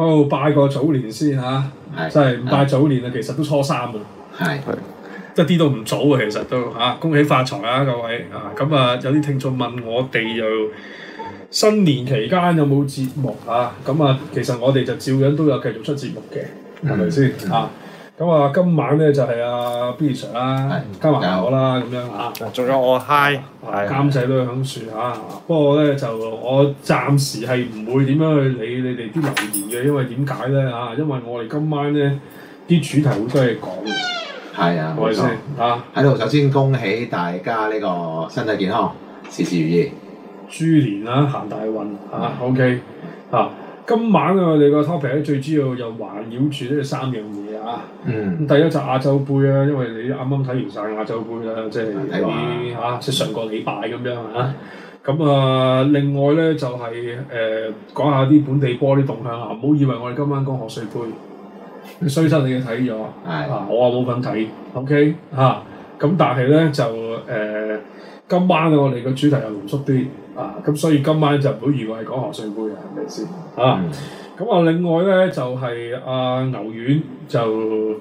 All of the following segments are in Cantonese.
Oh, 拜個早年先嚇，真係唔拜早年啊，的其實都初三啊，係的，一啲都唔早啊，其實都嚇、啊，恭喜發財啊各位啊，咁啊有啲聽眾問我哋又新年期間有冇節目啊？咁啊，其實我哋就照樣都有繼續出節目嘅，係咪先啊？咁啊，今晚咧就係阿 Bishal 啦，加埋我啦，咁樣嚇，仲有我 Hi 監製都響樹嚇，不過咧就我暫時係唔會點樣去理你哋啲留言嘅，因為點解咧嚇？因為我哋今晚咧啲主題好多嘢講，係啊，唔係先嚇。喺度首先恭喜大家呢個身體健康，事事如意。豬年啦，行大運啊、嗯、OK 啊。今晚、啊、我哋個 topic 最主要又環繞住呢三樣嘢啊。嗯。第一就亞洲杯啊，因為你啱啱睇完晒亞洲杯啦、啊，即係啲嚇即係上個禮拜咁樣嚇、啊。咁啊，另外咧就係、是、誒、呃、講下啲本地波啲動向啊。唔好以為我哋今晚講賀歲杯，衰親你嘅睇咗。係、嗯啊。我、okay? 啊冇份睇。O K。嚇。咁但係咧就誒今晚我哋個主題又濃縮啲。咁、啊、所以今晚就唔好以為係講賀歲盃啊，係咪先？啊、嗯！咁啊，另外咧就係、是、阿、啊、牛丸就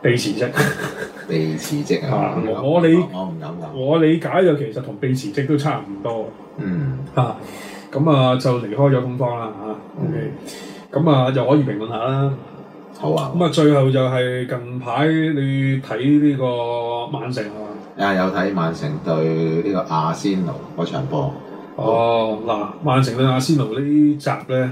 被辭職， 被辭職 啊！我我 我理解就其實同被辭職都差唔多。嗯。嚇、啊！咁啊就離開咗東方啦嚇。OK。咁啊就可以評論下啦。好啊。咁啊最後就係近排你睇呢個曼城啊。啊，有睇曼城對呢個阿仙奴嗰場波？哦、嗱，oh，曼城對阿仙奴呢集咧，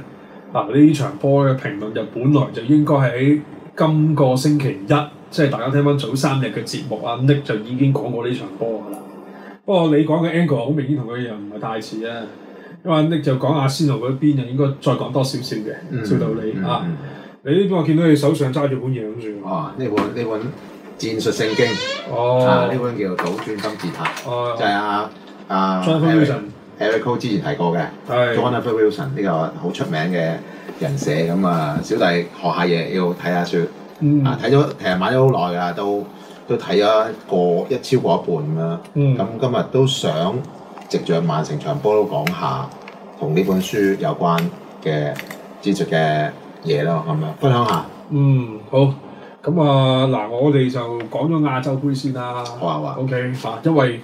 嗱呢場波嘅評論就本來就應該喺今個星期一，即係大家聽翻早三日嘅節目阿、mm hmm. Nick 就已經講過呢場波噶啦。不過你講嘅 Angle 好明顯同佢又唔係太似啊，因為 Nick 就講阿仙奴嗰邊就應該再講多少少嘅，照道理啊。Mm hmm. 你呢邊我見到你手上揸住本嘢咁住。哦、啊，你你搵。你戰術聖經，哦、啊，呢本叫《倒轉金字塔》，哦、就係阿阿 Jonathan Wilson Erico 之前提過嘅是，Jonathan Wilson 呢個好出名嘅人寫，咁、嗯、啊，小弟學下嘢要睇下書，嗯、啊睇咗其實買咗好耐㗎，都都睇咗過一超過一半啦，咁、嗯嗯、今日都想藉著曼城場波都講下同呢本書有關嘅戰術嘅嘢咯，係咪啊？分享下，嗯，好。咁啊，嗱，我哋就講咗亞洲杯先啦。好啊，好。啊 OK，啊，因為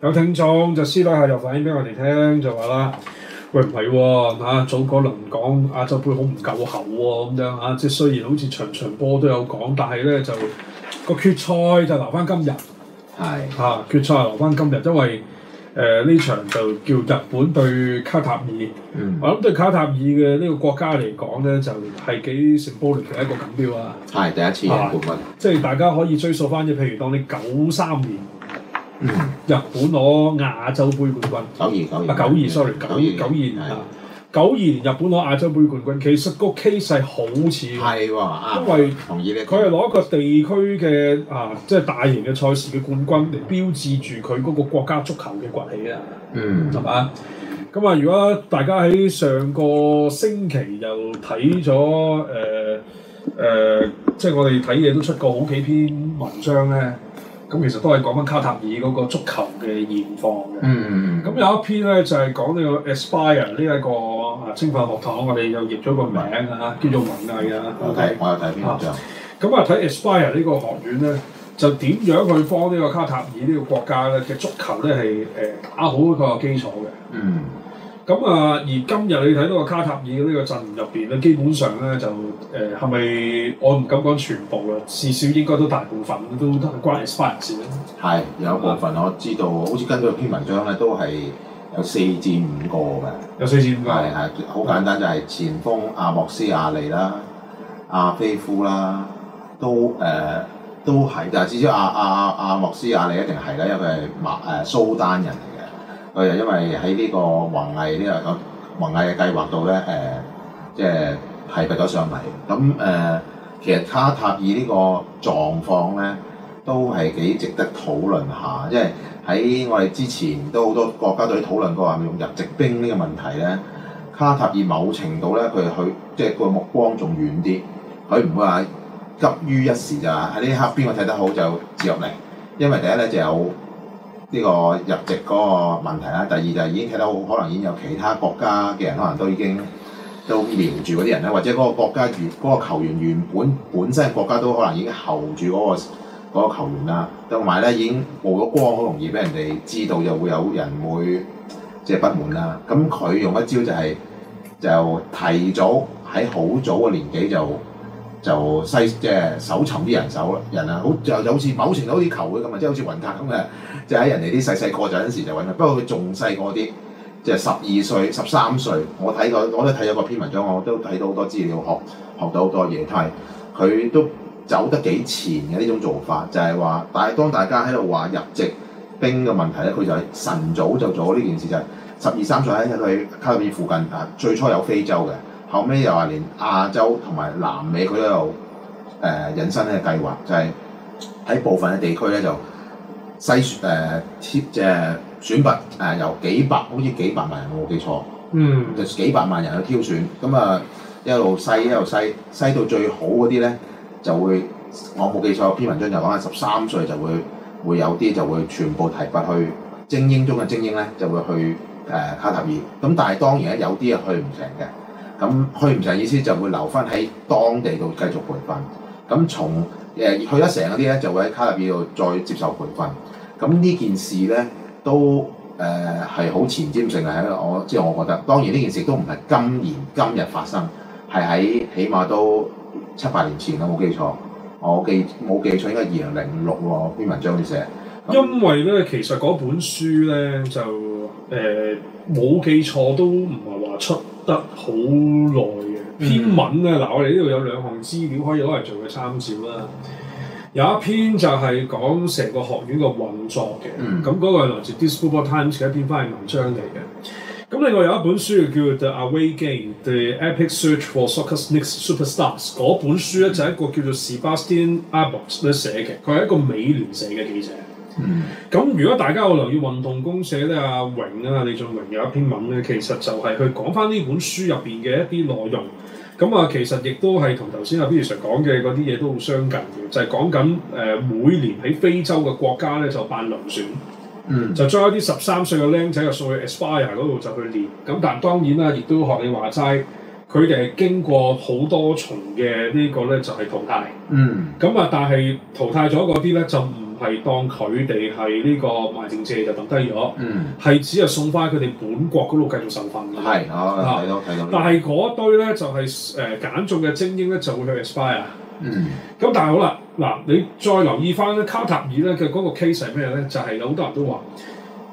有聽眾就私底下有反映俾我哋聽，就話啦，喂，唔係喎，啊，早嗰輪講亞洲杯好唔夠喉喎，咁樣啊，啊即係雖然好似場場波都有講，但係咧就、個決賽就留翻今日。係、哎。嚇、啊，決賽留翻今日，因為。誒呢、呃、場就叫日本對卡塔爾，嗯、我諗對卡塔爾嘅呢個國家嚟講咧，就係幾 symbolic 嘅一個錦標啊！係第一次冠軍、啊，即係大家可以追溯翻嘅，譬如當你九三年，嗯嗯、日本攞亞洲盃冠軍，九二九二啊，九二 sorry，九、 啊、九二啊。九二年日本攞亞洲盃冠軍，其實個 case 係好似，啊、因為同意你。佢係攞一個地區嘅啊，即係大型嘅賽事嘅冠軍嚟標誌住佢嗰個國家足球嘅崛起啊，嗯，係嘛？咁啊，如果大家喺上個星期又睇咗誒誒，即係我哋睇嘢都出過好幾篇文章咧，咁其實都係講緊卡塔爾嗰個足球嘅現況嘅，嗯，咁有一篇咧就係講呢個 Aspire 呢一個。青訓學堂，我哋又譯咗個名啊，叫做文藝啊。嗯、Okay. 我睇，我有睇篇文章。咁啊，睇 Aspire 呢個學院咧，就點樣去幫呢個卡塔爾呢個國家咧嘅足球咧係誒打好一個基礎嘅。嗯。咁啊，而今日你睇到個卡塔爾嘅呢個陣入邊咧，基本上咧就誒係咪？我唔敢講全部啦，至少應該都大部分都關 Aspire 事啦。係有部分我知道，嗯、好似根據篇文章咧，都係。有四至五個嘅，有四至五個係係好簡單，就係、是、前鋒阿莫斯亞利啦、阿菲夫啦，都誒、呃、都係，但至少阿阿阿莫斯亞利一定係啦，因為佢係馬誒蘇丹人嚟嘅，佢又因為喺呢個宏毅呢個宏毅嘅計劃度咧誒，即係提拔咗上嚟。咁誒、呃，其實卡塔爾呢個狀況咧都係幾值得討論下，即係。喺我哋之前都好多國家隊討論過話用入籍兵呢個問題呢，卡塔爾某程度呢，佢佢即係個目光仲遠啲，佢唔會話急於一時就喺呢一刻邊個睇得好就接入嚟，因為第一呢，就有呢個入籍嗰個問題啦，第二就係已經睇得好可能已經有其他國家嘅人可能都已經都瞄住嗰啲人呢，或者嗰個國家原嗰、嗰個球員原本本身國家都可能已經候住嗰個，嗰個球員啦，同埋咧已經曝咗光，好容易俾人哋知道，又會有人會即係、就是、不滿啦。咁佢用一招就係、是、就提早喺好早嘅年紀就就細即係搜尋啲人手啦。人啊，好就，就好似某程度好似球會咁啊，即係好似雲塔咁嘅，即係喺人哋啲細細個就嗰時就揾啦。不過佢仲細個啲，即係十二歲、十三歲。我睇過，我都睇咗個篇文章，我都睇到好多資料，學學到好多嘢。睇佢都。走得幾前嘅呢種做法，就係、是、話，但係當大家喺度話入籍兵嘅問題咧，佢就係晨早就做呢件事，就係十二三歲喺佢卡塔爾附近啊，最初有非洲嘅，後尾又話連亞洲同埋南美佢都有誒、呃、引申呢個計劃，就係、是、喺部分嘅地區咧就篩誒即係誒選拔誒由幾百好似幾百萬人，我冇記錯，嗯，就幾百萬人去挑選，咁啊一路篩一路篩篩到最好嗰啲咧。就會，我冇記錯，篇文章就講係十三歲就會會有啲就會全部提拔去精英中嘅精英呢，就會去誒、呃、卡塔爾。咁但係當然咧，有啲係去唔成嘅，咁去唔成意思就會留翻喺當地度繼續培訓。咁從誒去得成嗰啲呢，就會喺卡塔爾度再接受培訓。咁呢件事呢，都誒係好前瞻性嘅喺度，我即係我覺得。當然呢件事都唔係今年今日發生，係喺起碼都。七八年前啦，冇記錯，哦、我記冇記錯，應該係二零零六喎，篇文章啲寫。因為咧，其實嗰本書咧就誒冇、呃、記錯都唔係話出得好耐嘅篇文啊！嗱，我哋呢度有兩項資料可以攞嚟做嘅參照啦。有一篇就係講成個學院嘅運作嘅，咁嗰、嗯、個係來自《Dispatch Times》嘅一篇翻譯文章嚟嘅。咁另外有一本書叫做《The Away Game》《The Epic Search for Soccer's Next Superstars》，嗰本書咧就係一個叫做 Sebastian Abbott 寫嘅，佢係一個美聯社嘅記者。咁、嗯、如果大家有留意運動公社咧，阿榮啊、李俊榮有一篇文咧，其實就係去講翻呢本書入邊嘅一啲內容。咁啊，其實亦都係同頭先阿 Bee Sir 講嘅嗰啲嘢都好相近嘅，就係講緊誒每年喺非洲嘅國家咧就辦輪選。嗯、就將一啲十三歲嘅僆仔就送去 Aspire 嗰度就去練，咁但當然啦，亦都學你話齋，佢哋係經過好多重嘅呢個咧就係淘汰，嗯，咁啊但係淘汰咗嗰啲咧就唔係當佢哋係呢個賣剩蔗就抌低咗，嗯，係只係送翻佢哋本國嗰度繼續受訓，係、嗯，啊，睇到睇到，但係嗰堆咧就係誒揀中嘅精英咧就會去 Aspire。嗯，咁但係好啦，嗱，你再留意翻咧卡塔爾咧，佢嗰個 case 係咩咧？就係有好多人都話，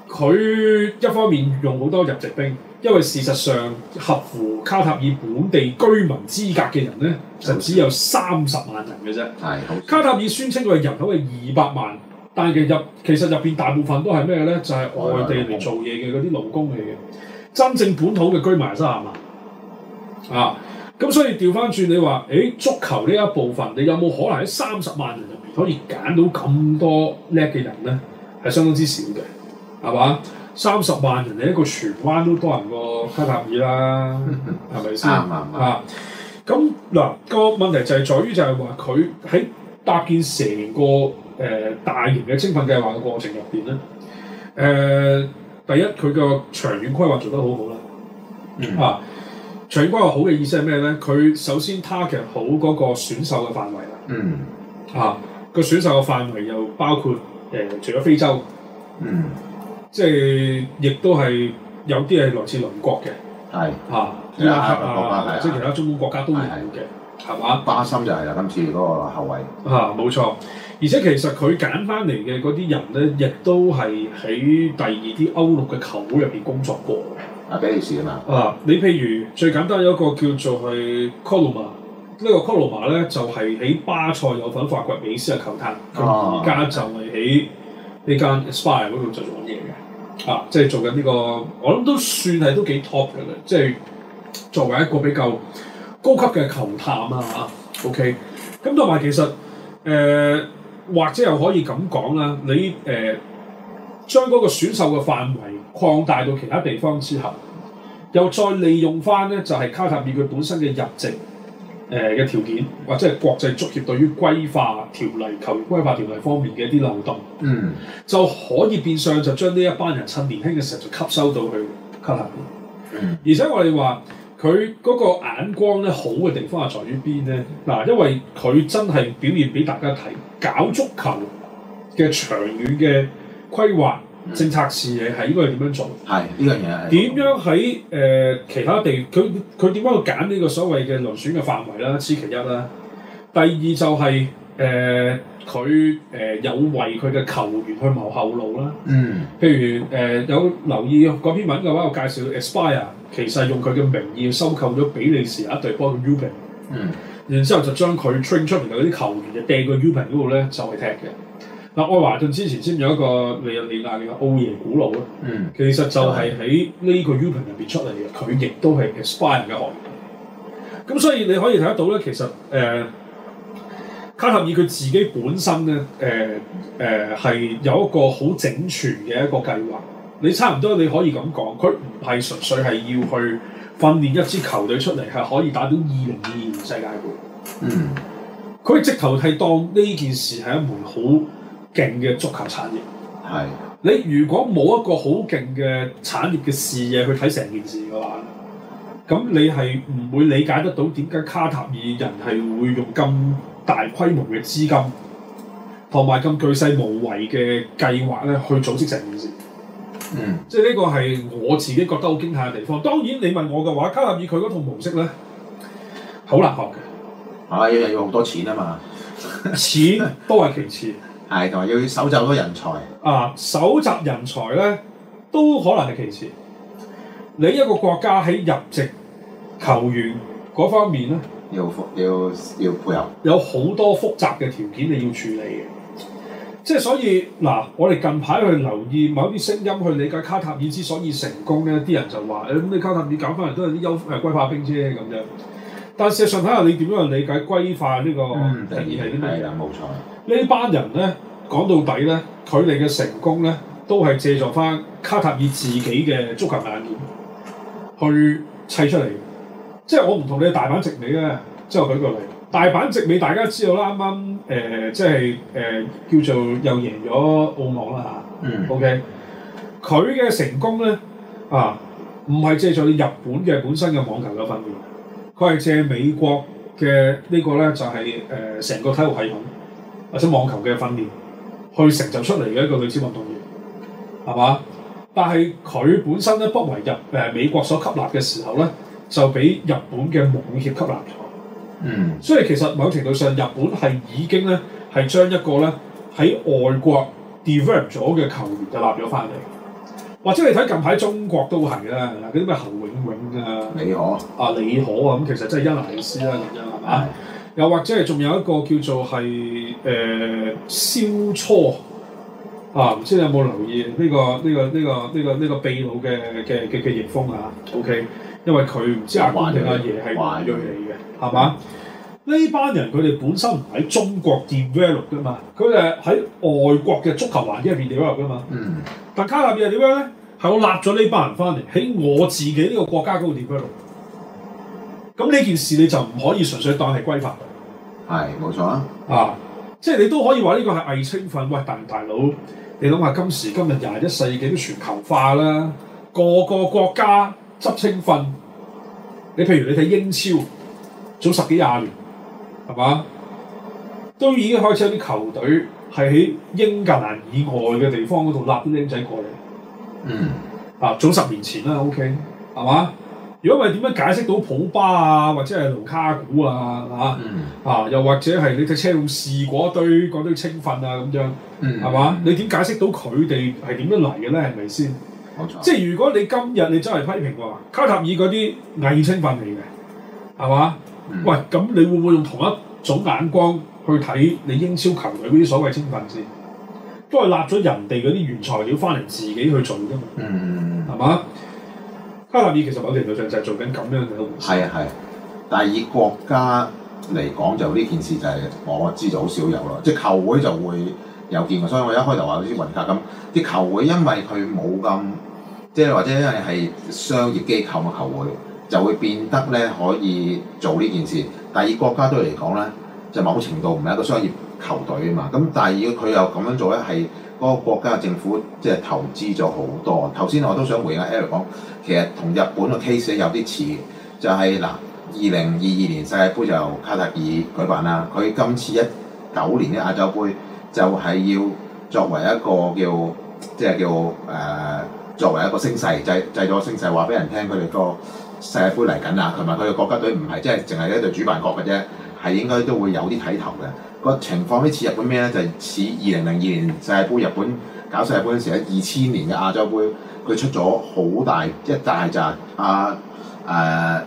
佢一方面用好多入籍兵，因為事實上合乎卡塔爾本地居民資格嘅人咧，就只有三十萬人嘅啫。係像卡塔爾宣稱佢人口係二百萬，但係入其實入邊大部分都係咩咧？就係、是、外地嚟做嘢嘅嗰啲勞工嚟嘅，真正本土嘅居民係三十萬啊。咁所以調翻轉你話，誒、欸、足球呢一部分，你有冇可能喺三十萬人入面可以揀到咁多叻嘅人咧？係相當之少嘅，係嘛？三十萬人，你一個荃灣都多人過卡塔爾啦，係咪先？ 啊，咁嗱個問題就係在於就係話佢喺搭建成個誒、呃、大型嘅青訓計劃嘅過程入邊咧，誒、呃、第一佢個長遠規劃做得好好啦，啊。嗯長官好嘅意思係咩咧？佢首先 target 好嗰個選秀嘅範圍啦。嗯。嚇，個選秀嘅範圍又包括誒，除咗非洲，嗯，即係亦都係有啲係來自鄰國嘅。係。嚇，伊拉克啊，即係其他中東國家都係嘅，係嘛？巴森就係啦，今次嗰個後衞。嚇，冇錯。而且其實佢揀翻嚟嘅嗰啲人咧，亦都係喺第二啲歐陸嘅球會入邊工作過。啊！俾啲事啊嘛～啊！你譬如最簡單有一個叫做係 Coloma 呢個 Coloma 咧就係、是、喺巴塞有份發掘美斯嘅球探，佢而、啊、家就係喺呢間 Aspire 嗰度做緊嘢嘅，啊！即係做緊、這、呢個我諗都算係都幾 top 嘅啦，即係作為一個比較高級嘅球探啊！OK，咁同埋其實誒、呃，或者又可以咁講啦，你誒、呃、將嗰個選秀嘅範圍，擴大到其他地方之後，又再利用翻咧，就係卡塔爾佢本身嘅入籍誒嘅條件，或者係國際足協對於規劃條例、球員規劃條例方面嘅一啲漏洞，嗯，就可以變相就將呢一班人趁年輕嘅時候就吸收到去卡塔爾。嗯，而且我哋話佢嗰個眼光咧好嘅地方係在於邊咧？嗱，因為佢真係表現俾大家睇，搞足球嘅長遠嘅規劃。政策事嘢係應該點樣做？係呢、嗯、樣嘢係點樣喺誒其他地？佢佢點解要揀呢個所謂嘅輪選嘅範圍啦？此其一啦。第二就係誒佢誒有為佢嘅球員去謀後路啦。嗯。譬如誒、呃、有留意嗰篇文嘅話，我介紹到 Aspire 其實用佢嘅名義收購咗比利時有一隊波嘅 U 班。Ain, 嗯。然之後就將佢 train 出嚟嗰啲球員就掟去 U 班嗰度咧就去踢嘅。嗱，愛華頓之前先有一個尼日利亞嘅奧耶古老咧，其實就係喺呢個 U 盤入邊出嚟嘅，佢亦都係 Aspire 嘅學員。咁所以你可以睇得到咧，其實誒、呃、卡塔爾佢自己本身咧，誒誒係有一個好整全嘅一個計劃。你差唔多你可以咁講，佢唔係純粹係要去訓練一支球隊出嚟，係可以打到二零二二世界盃。嗯，佢直頭係當呢件事係一門好勁嘅足球產業，係的你如果冇一個好勁嘅產業嘅視野去睇成件事嘅話，咁你係唔會理解得到點解卡塔爾人係會用咁大規模嘅資金，同埋咁巨細無遺嘅計劃咧去組織成件事。嗯，即係呢個係我自己覺得好驚嚇嘅地方。當然你問我嘅話，卡塔爾佢嗰套模式咧，好難學嘅。啊、哎，因為要好多錢啊嘛， 錢都係其次。係，同埋要搜集多人才。啊，搜集人才咧，都可能係其次。你一個國家喺入籍球員嗰方面咧，要復要要配合。有好多複雜嘅條件你要處理嘅，嗯、即係所以嗱、啊，我哋近排去留意某啲聲音去理解卡塔爾之所以成功咧，啲人就話，誒、哎、咁你卡塔爾搞翻嚟都係啲優誒歸化兵啫咁樣。但事實上睇下你點樣去理解歸化呢個定義係啲乜嘢。冇錯呢班人呢班人咧，講到底咧，佢哋嘅成功咧，都係借助翻卡塔爾自己嘅足球硬件去砌出嚟。即係我唔同你大坂直美咧，即係我舉個例，大坂直美大家知道啦，啱啱誒即係誒、呃、叫做又贏咗澳網啦嚇。嗯、OK，佢嘅成功咧啊，唔係借助你日本嘅本身嘅網球嘅訓練。佢係借美國嘅呢個咧，就係誒成個體育系統或者網球嘅訓練去成就出嚟嘅一個女子運動員係嘛？但係佢本身咧，不為日誒、呃、美國所吸納嘅時候咧，就俾日本嘅網協吸納咗。嗯，所以其實某程度上，日本係已經咧係將一個咧喺外國 develop 咗嘅球員就納咗翻嚟，或者你睇近排中國都係啦，嗰啲咩侯永。永啊，李可啊，你可啊，咁其實真係一蘭尼斯啦，咁樣係嘛？吧又或者係仲有一個叫做係誒肖初，啊，唔知你有冇留意呢、這個呢、這個呢、這個呢、這個呢、這個秘魯嘅嘅嘅嘅逆風啊？OK，因為佢唔知阿華定阿爺係華裔嚟嘅，係嘛他？呢、啊、班人佢哋本身唔喺中國 develop 噶嘛，佢哋喺外國嘅足球環境入面 develop 噶嘛。嗯，但係卡納爾點樣咧？係我納咗呢班人翻嚟喺我自己呢個國家高點嗰度，咁呢件事你就唔可以純粹當係規範，係冇錯啊！啊，即係你都可以話呢個係偽青訓。喂，大唔大佬，你諗下今時今日廿一世紀都全球化啦，個個國家執青訓，你譬如你睇英超，早十幾廿年係嘛，都已經開始有啲球隊係喺英格蘭以外嘅地方嗰度納啲僆仔過嚟。嗯，mm hmm. 啊，早十年前啦，OK，係嘛？如果咪點樣解釋到普巴啊，或者係盧卡古啊，吓，mm hmm. 啊，又或者係你睇車路士嗰堆嗰堆青訓啊咁，mm hmm. 樣，樣，係嘛？你點解釋到佢哋係點樣嚟嘅咧？係咪先？即係如果你今日你真係批評話，卡塔爾嗰啲偽青訓嚟嘅，係嘛？Mm hmm. 喂，咁你會唔會用同一種眼光去睇你英超球隊嗰啲所謂青訓先？都係立咗人哋嗰啲原材料翻嚟自己去做㗎嘛，係嘛、嗯？卡塔爾其實某程度上就係做緊咁樣嘅一回事。係啊係，但係以國家嚟講就呢件事就係、是、我知就好少有啦。即、就、係、是、球會就會有見過，所以我一開頭話好似雲達咁，啲球會因為佢冇咁，即係或者因為係商業機構嘅球會就會變得咧可以做呢件事。但係以國家隊嚟講咧，就某程度唔係一個商業。球隊啊嘛，咁但係如果佢又咁樣做咧，係嗰個國家政府即係投資咗好多。頭先我都想回應阿 Alex 講，其實同日本嘅 case 有啲似，就係嗱，二零二二年世界盃就卡塔爾舉，舉辦啦，佢今次一九年啲亞洲盃就係要作為一個叫即係叫誒、呃，作為一個聲勢製製咗聲勢，話俾人聽佢哋個世界盃嚟緊啦，同埋佢哋國家隊唔係即係淨係一隊主辦國嘅啫，係應該都會有啲睇頭嘅。個情況好似日本咩咧？就似二零零二年世界盃。日本搞世盃嗰陣時咧，二千年嘅亞洲盃，佢出咗好大一大紮阿誒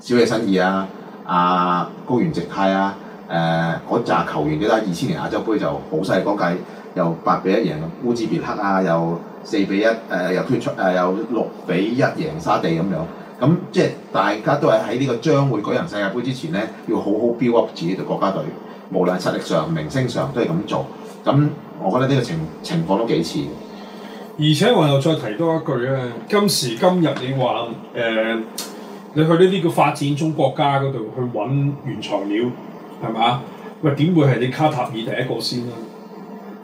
小野伸二啊、阿、啊、高原直泰啊、誒嗰紮球員，記得二千年亞洲盃就好犀利嗰屆，又八比一贏烏茲別克啊，有 1, 呃、又四比一誒又推出誒又六比一贏沙地咁樣。咁即係大家都係喺呢個將會舉行世界盃之前呢，要好好 build up 自己嘅國家隊。無論實力上、明星上都係咁做，咁我覺得呢個情情況都幾似。而且我又再提多一句咧，今時今日你話誒、呃，你去呢啲叫發展中國家嗰度去揾原材料，係嘛？喂，點會係你卡塔爾第一個先啊？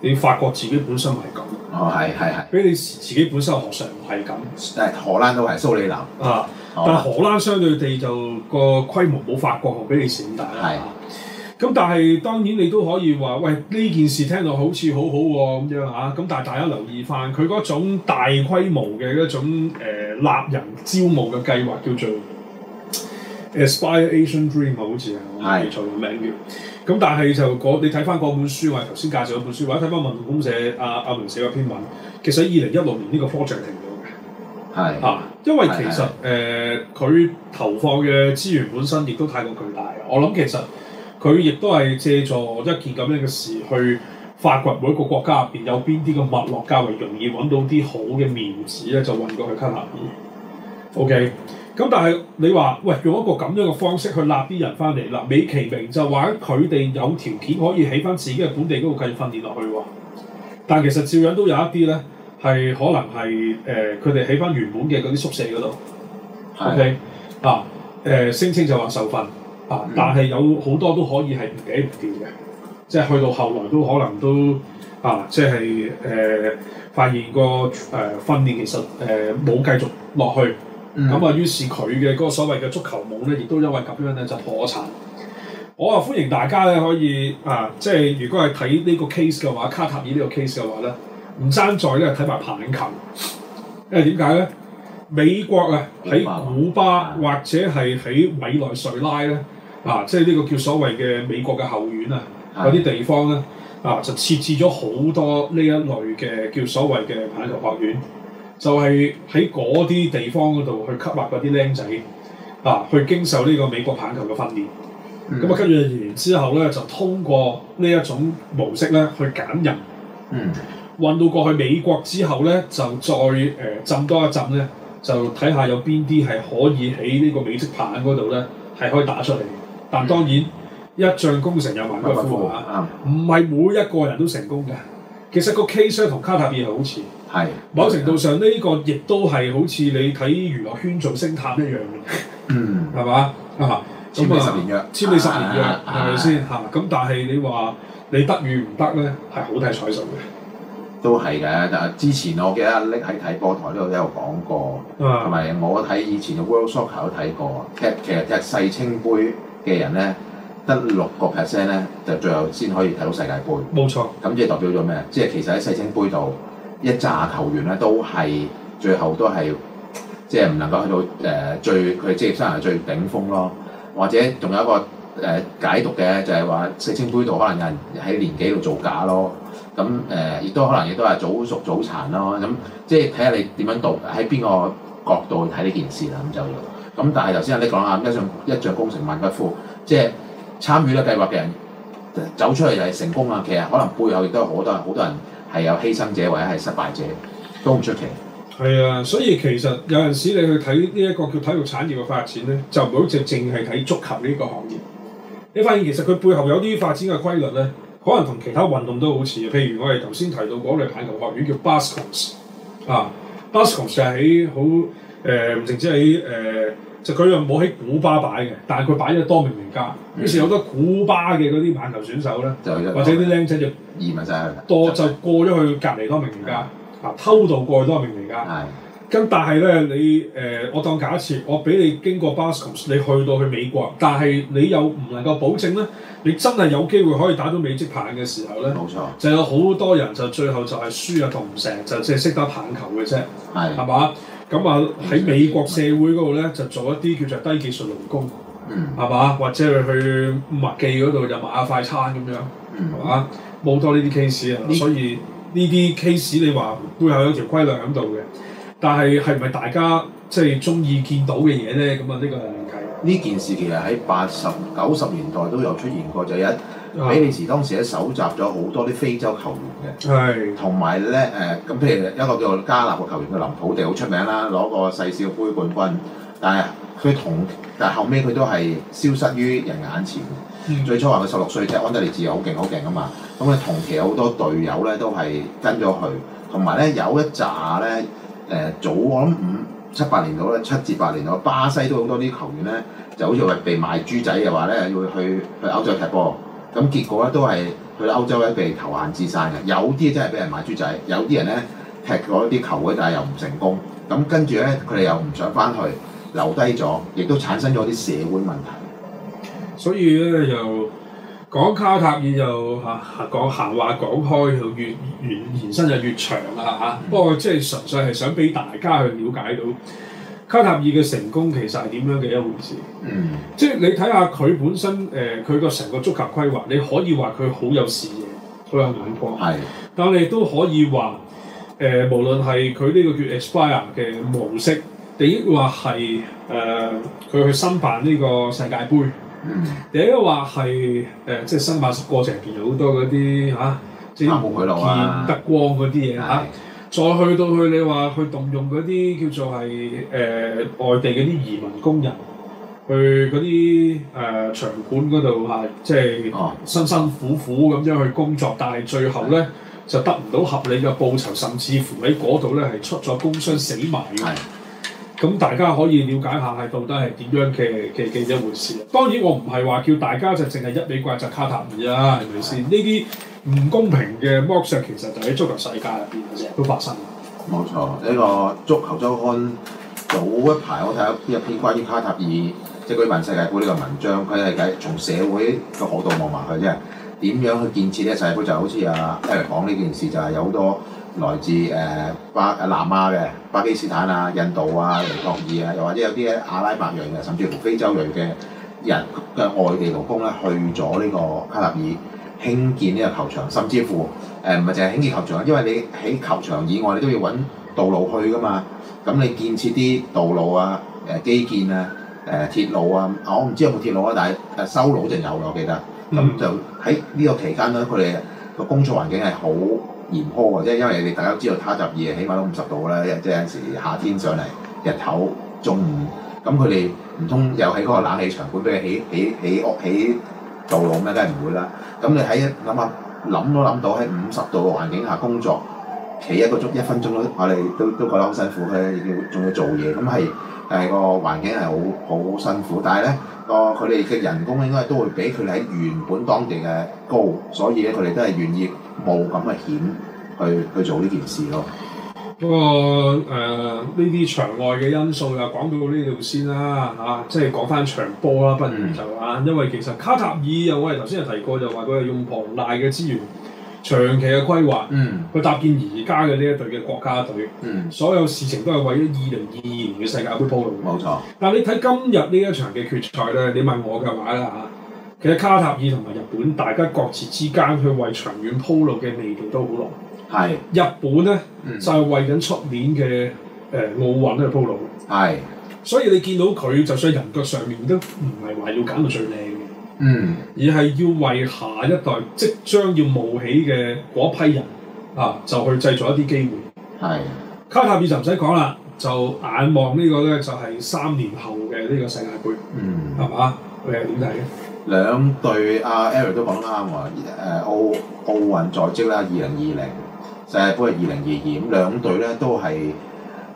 你法國自己本身係咁，哦，係係係，俾你自己本身學術唔係咁，但係荷蘭都係蘇里南，啊，蘭但係荷蘭相對地就個規模冇法國，俾你閃大啦。是咁但係當然你都可以話，喂，呢件事聽落好似好好喎咁樣嚇。咁但係大家留意翻，佢嗰種大規模嘅一種誒立、呃、人招募嘅計劃叫做 Aspiration Dream 好似係我記錯個名叫。咁是的 但係就你睇翻嗰本書，我係頭先介紹嗰本書，或者睇翻文匯公社阿阿、啊、明寫一篇文，其實二零一六年呢個 project 停咗嘅。係嚇的，因為其實誒佢、呃、投放嘅資源本身亦都太過巨大，我諗其實。佢亦都係借助一件咁樣嘅事去發掘每一個國家入邊，有邊啲嘅脈絡較為容易揾到啲好嘅面子咧，就運過去卡塔爾。O K. 咁但係你話，喂，用一個咁樣嘅方式去納啲人翻嚟，嗱，美其名就話佢哋有條件可以起翻自己嘅本地嗰度，繼續訓練落去喎。但其實照樣都有一啲咧，係可能係誒，佢哋起翻原本嘅嗰啲宿舍嗰度。的 o、okay? K. 啊，誒、呃，聲稱就話受訓。啊！嗯、但係有好多都可以係唔起唔掂嘅，即、就、係、是、去到後來都可能都啊，即係誒發現個誒、呃、訓練其實誒冇、呃、繼續落去，咁啊、嗯，於是佢嘅嗰個所謂嘅足球夢咧，亦都因為咁樣咧就破咗產。我啊歡迎大家咧可以啊，即、就、係、是、如果係睇呢個 case 嘅話，卡塔爾呢個 case 嘅話咧，唔爭在咧睇埋棒球，因為點解咧？美國啊喺古巴或者係喺委內瑞拉咧？啊！即係呢個叫所謂嘅美國嘅後院啊，有啲、啊、地方咧啊，啊，就設置咗好多呢一類嘅叫所謂嘅棒球學院，就係喺嗰啲地方嗰度去吸納嗰啲僆仔啊，去經受呢個美國棒球嘅訓練。咁啊、嗯，跟住然之後咧，就通過呢一種模式咧去揀人，嗯、運到過去美國之後咧，就再誒、呃、浸多一浸咧，就睇下有邊啲係可以喺呢個美式棒嗰度咧係可以打出嚟。但當然一仗功成有萬軍苦，唔係每一個人都成功嘅。其實個 K 商同卡塔爾係好似，某程度上呢個亦都係好似你睇娛樂圈做星探一樣嘅，係嘛？啊，簽你十年約，簽你十年約，係咪先嚇？咁但係你話你得與唔得咧，係好睇彩數嘅。都係嘅。啊，之前我記得阿拎喺睇播台都有講過，同埋我睇以前嘅 World Soccer 都睇過，踢其實踢世青杯嘅人咧，得六個 percent 咧，就最後先可以睇到世界盃。冇錯。咁即係代表咗咩？即係其實喺世青杯度，一紮球員咧都係最後都係，即係唔能夠去到誒、呃、最佢職業生涯最頂峰咯。或者仲有一個誒、呃、解讀嘅，就係話世青杯度可能有人喺年紀度造假咯。咁誒，亦、呃、都可能亦都係早熟早殘咯。咁即係睇下你點樣讀喺邊個角度睇呢件事啦。咁就。咁但係頭先阿 Nick 講啊，一仗一仗功成萬骨枯，即係參與咗計劃嘅人走出嚟又係成功啊，其實可能背後亦都有好多人，好多人係有犧牲者或者係失敗者，都唔出奇。係啊，所以其實有陣時你去睇呢一個叫體育產業嘅發展咧，就唔好就淨係睇足球呢個行業。你發現其實佢背後有啲發展嘅規律咧，可能同其他運動都好似嘅。譬如我哋頭先提到嗰類體育學院叫 Basques 啊，Basques 就喺好誒，唔淨止喺誒。呃就佢又冇喺古巴擺嘅，但係佢擺咗多明尼加。嗯、於是有得古巴嘅嗰啲棒球選手咧，就或者啲僆仔就移民曬，多就過咗去隔離多明尼加，嗱的、啊、偷渡過去多明尼加，咁的但係咧你誒、呃，我當假設，我俾你經過巴斯克斯，你去到去美國，但係你又唔能夠保證咧，你真係有機會可以打到美職棒嘅時候咧，錯就有好多人就最後就係輸啊同唔成，就只係識得棒球嘅啫，係，係嘛？咁啊喺美國社會嗰度咧，就做一啲叫做低技術勞工，係嘛、嗯？或者係去麥記嗰度就買下快餐咁樣，係嘛、嗯？冇多呢啲 case 啊，所以呢啲 case 你話背後有一條規律喺度嘅，但係係咪大家即係中意見到嘅嘢咧？咁啊呢個係問題，呢件事其實喺八十九十年代都有出現過，就一。比利時當時咧蒐集咗好多啲非洲球員嘅，係同埋咧誒咁，譬如一個叫做加納嘅球員佢林普地好出名啦，攞個世少杯冠軍。但係佢同但係後尾佢都係消失於人眼前。嗯、最初話佢十六歲啫，安德烈治又好勁好勁噶嘛。咁佢同期好多隊友咧都係跟咗佢，同埋咧有一紮咧誒早我諗五七八年到咧七至八年到，巴西都好多啲球員咧就好似話被賣豬仔又話咧，要去去歐洲踢波。咁結果咧都係去歐洲咧被投閒置散嘅，有啲真係俾人賣豬仔，有啲人咧踢咗一啲球會，但係又唔成功。咁跟住咧，佢哋又唔想翻去，留低咗，亦都產生咗啲社會問題。所以咧又講卡塔爾就嚇講閒話講開，就越延延伸就越長啦嚇。不過即係純粹係想俾大家去了解到。卡塔爾嘅成功其實係點樣嘅一回事？嗯，即係你睇下佢本身誒，佢個成個足球規劃，你可以話佢好有視野，好有眼光。係的，但係你都可以話誒、呃，無論係佢呢個叫 Aspire 嘅模式，第一個話係誒佢去申辦呢個世界盃，第一個話係誒即係申辦過程入邊有好多嗰啲嚇，即係無牌路啊，啊得光嗰啲嘢嚇。的再去到去你話去動用嗰啲叫做係誒、呃、外地嗰啲移民工人去嗰啲誒場館嗰度嚇，即係、啊、辛辛苦苦咁樣去工作，但係最後呢，嗯、就得唔到合理嘅報酬，甚至乎喺嗰度呢係出咗工傷死埋嘅。咁、嗯嗯、大家可以了解下係到底係點樣嘅嘅嘅一回事。嗯、當然我唔係話叫大家就淨係一味怪責卡塔爾啊，係咪先？呢啲唔公平嘅剝削其實就喺足球世界入邊日日都發生。冇錯，呢、這個足球周刊早一排我睇一篇關於卡塔爾，即係嗰啲世界盃呢個文章，佢係喺從社會角度望埋去啫，點樣去建設呢個世界盃，就好似啊，誒講呢件事就係有好多來自誒巴、呃、南亞嘅巴基斯坦啊、印度啊、尼泊爾啊，又或者有啲阿拉伯裔嘅，甚至乎非洲裔嘅人嘅外地勞工咧，去咗呢個卡塔爾。興建呢個球場，甚至乎誒唔係淨係興建球場，因為你喺球場以外你都要揾道路去噶嘛。咁你建設啲道路啊、誒、呃、基建啊、誒、呃、鐵路啊，我唔知有冇鐵路啊，但係誒修路就有啦，我記得。咁就喺呢個期間咧，佢哋個工作環境係好嚴苛啊。即係因為你大家知道，他集語起碼都五十度啦，即係有陣時夏天上嚟日頭中午，咁佢哋唔通又喺嗰個冷氣場館俾你起起起屋起。起起起起做老咩？梗係唔會啦。咁你喺諗下，諗都諗到喺五十度嘅環境下工作，企一個鐘一分鐘都，我哋都都覺得好辛苦。佢仲要仲要做嘢，咁係係個環境係好好辛苦。但係咧，個佢哋嘅人工應該都會比佢哋喺原本當地嘅高，所以咧佢哋都係願意冒咁嘅險去去做呢件事咯。不過誒呢啲場外嘅因素又講到呢度先啦嚇、啊，即係講翻場波啦，不如就啊，嗯、因為其實卡塔爾又我哋頭先又提過，就話佢係用龐大嘅資源長期嘅規劃，嗯、去搭建而家嘅呢一隊嘅國家隊，嗯、所有事情都係為咗二零二二年嘅世界盃鋪路。冇錯。但係你睇今日呢一場嘅決賽咧，你問我嘅話咧嚇，其實卡塔爾同埋日本大家各自之間去為長遠鋪路嘅味道都好濃。係，日本咧、嗯、就係為緊出年嘅誒奧運去鋪路。係，所以你見到佢就算人腳上面都唔係話要揀到最靚嘅，嗯，而係要為下一代即將要冒起嘅嗰批人啊，就去製造一啲機會。係，嗯、卡塔爾就唔使講啦，就眼望呢個咧就係三年後嘅呢個世界盃。嗯，係嘛？佢係點睇？兩隊阿、啊、Eric 都講啦，啱、啊、喎，誒奧奧運在即啦，二零二零。就係不過二零二二，咁兩隊咧都係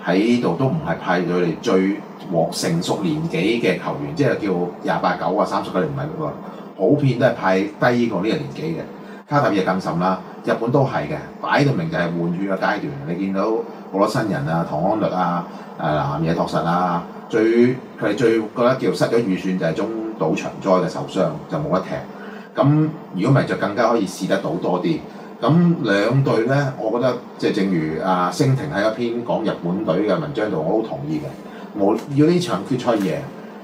喺度都唔係派佢哋最獲成熟年紀嘅球員，即係叫廿八九啊、三十佢哋唔係嗰個，普遍都係派低過呢個年紀嘅。卡塔爾更甚啦，日本都係嘅，擺到明就係換血嘅階段。你見到好多新人啊，唐安律啊，誒南野拓實啊，最佢哋最覺得叫失咗預算就係中島翔哉嘅受傷就冇得踢。咁如果咪就更加可以試得到多啲。咁兩隊呢，我覺得即係正如阿、啊、星廷喺一篇講日本隊嘅文章度，我好同意嘅。我要呢場決賽贏，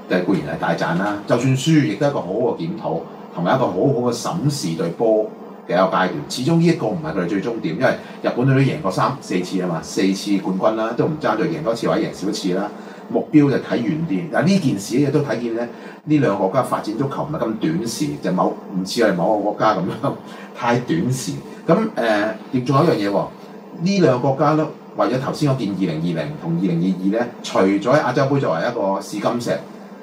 就固然係大賺啦。就算輸，亦都係一個好好嘅檢討，同埋一個好好嘅審視對波嘅一個階段。始終呢一個唔係佢最終點，因為日本隊都贏過三四次啊嘛，四次冠軍啦，都唔爭在贏多次或者贏少一次啦。目標就睇遠啲。但係呢件事亦都睇見呢，呢兩個國家發展足球唔係咁短時，就某唔似係某個國家咁樣太短時。咁亦仲有一樣嘢喎，呢兩個國家咧，為咗頭先我見2020同2022咧，除咗亞洲盃作為一個試金石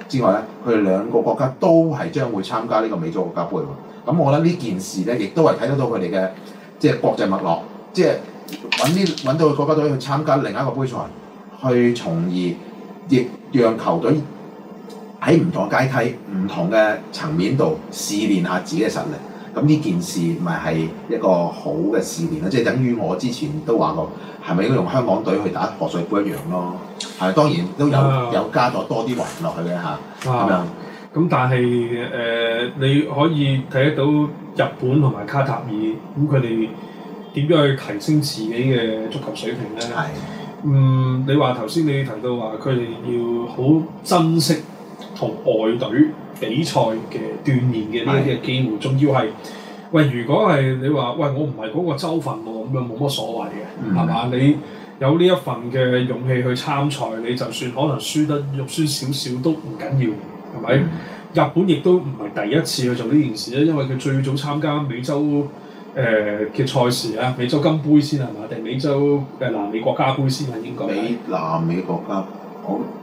之外咧，佢哋兩個國家都係將會參加呢個美洲國家盃喎。咁、嗯、我覺得呢件事咧，亦都係睇得到佢哋嘅即係國際脈絡，即係揾啲揾到嘅國家都可以去參加另一個杯賽，去從而亦讓球隊喺唔同階梯、唔同嘅層面度試練下自己嘅實力。咁呢件事咪係一個好嘅試驗咯，即係等於我之前都話過，係咪要用香港隊去打賀歲盃一樣咯？係當然都有、啊、有加咗多啲環落去嘅嚇，係咪啊？咁但係誒、呃，你可以睇得到日本同埋卡塔爾，咁佢哋點樣去提升自己嘅足球水平咧？係的，嗯，你話頭先你提到話，佢哋要好珍惜同外隊比賽嘅鍛鍊嘅呢啲嘅機會，仲的要係喂，如果係你話喂，我唔係嗰個州份喎、啊，咁啊冇乜所謂嘅，係嘛、嗯？你有呢一份嘅勇氣去參賽，你就算可能輸得肉酸少少都唔緊要，係咪？嗯、日本亦都唔係第一次去做呢件事咧，因為佢最早參加美洲誒嘅、呃、賽事啊，美洲金杯先係嘛？定美洲誒南、呃、美國家杯先係應該南美國家。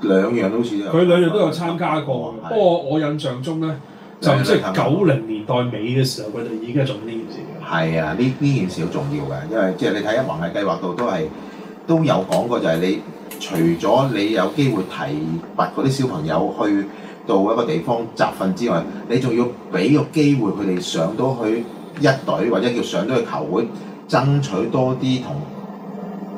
兩樣都似啫，佢兩樣都有參加過。嗯、不過我印象中咧，是就即係九零年代尾嘅時候，佢哋已經係做緊呢件事。係啊，呢呢件事好重要嘅，因為即係你睇《黃毅計劃》度都係都有講過就，就係你除咗你有機會提拔嗰啲小朋友去到一個地方集訓之外，你仲要俾個機會佢哋上到去一隊或者叫上到去球會，爭取多啲同，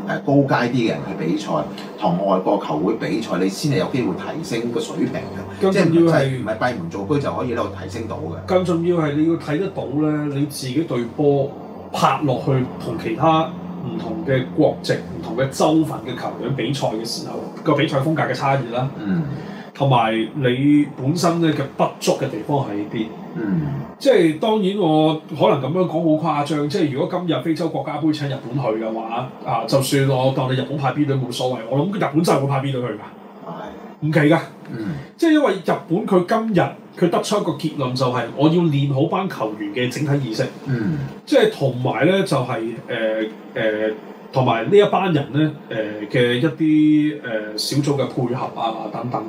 誒高階啲嘅人去比賽，同外國球會比賽，你先係有機會提升個水平嘅。即係唔係唔係閉門造車就可以喺度提升到嘅。更重要係你要睇得到咧，你自己對波拍落去同其他唔同嘅國籍、唔同嘅洲份嘅球員比賽嘅時候，個比賽風格嘅差異啦。嗯。同埋你本身咧嘅不足嘅地方喺邊？嗯，即係當然我可能咁樣講好誇張。即係如果今日非洲國家杯請日本去嘅話，啊，就算我當你日本派 B 隊冇所謂，我諗日本真係會派 B 隊去㗎，唔、啊、是奇㗎。嗯，即係因為日本佢今日佢得出一個結論，就係我要練好班球員嘅整體意識。嗯，即係同埋咧就係誒誒，同、呃、埋、呃、呢、呃、一班人咧誒嘅一啲誒小組嘅配合啊等等。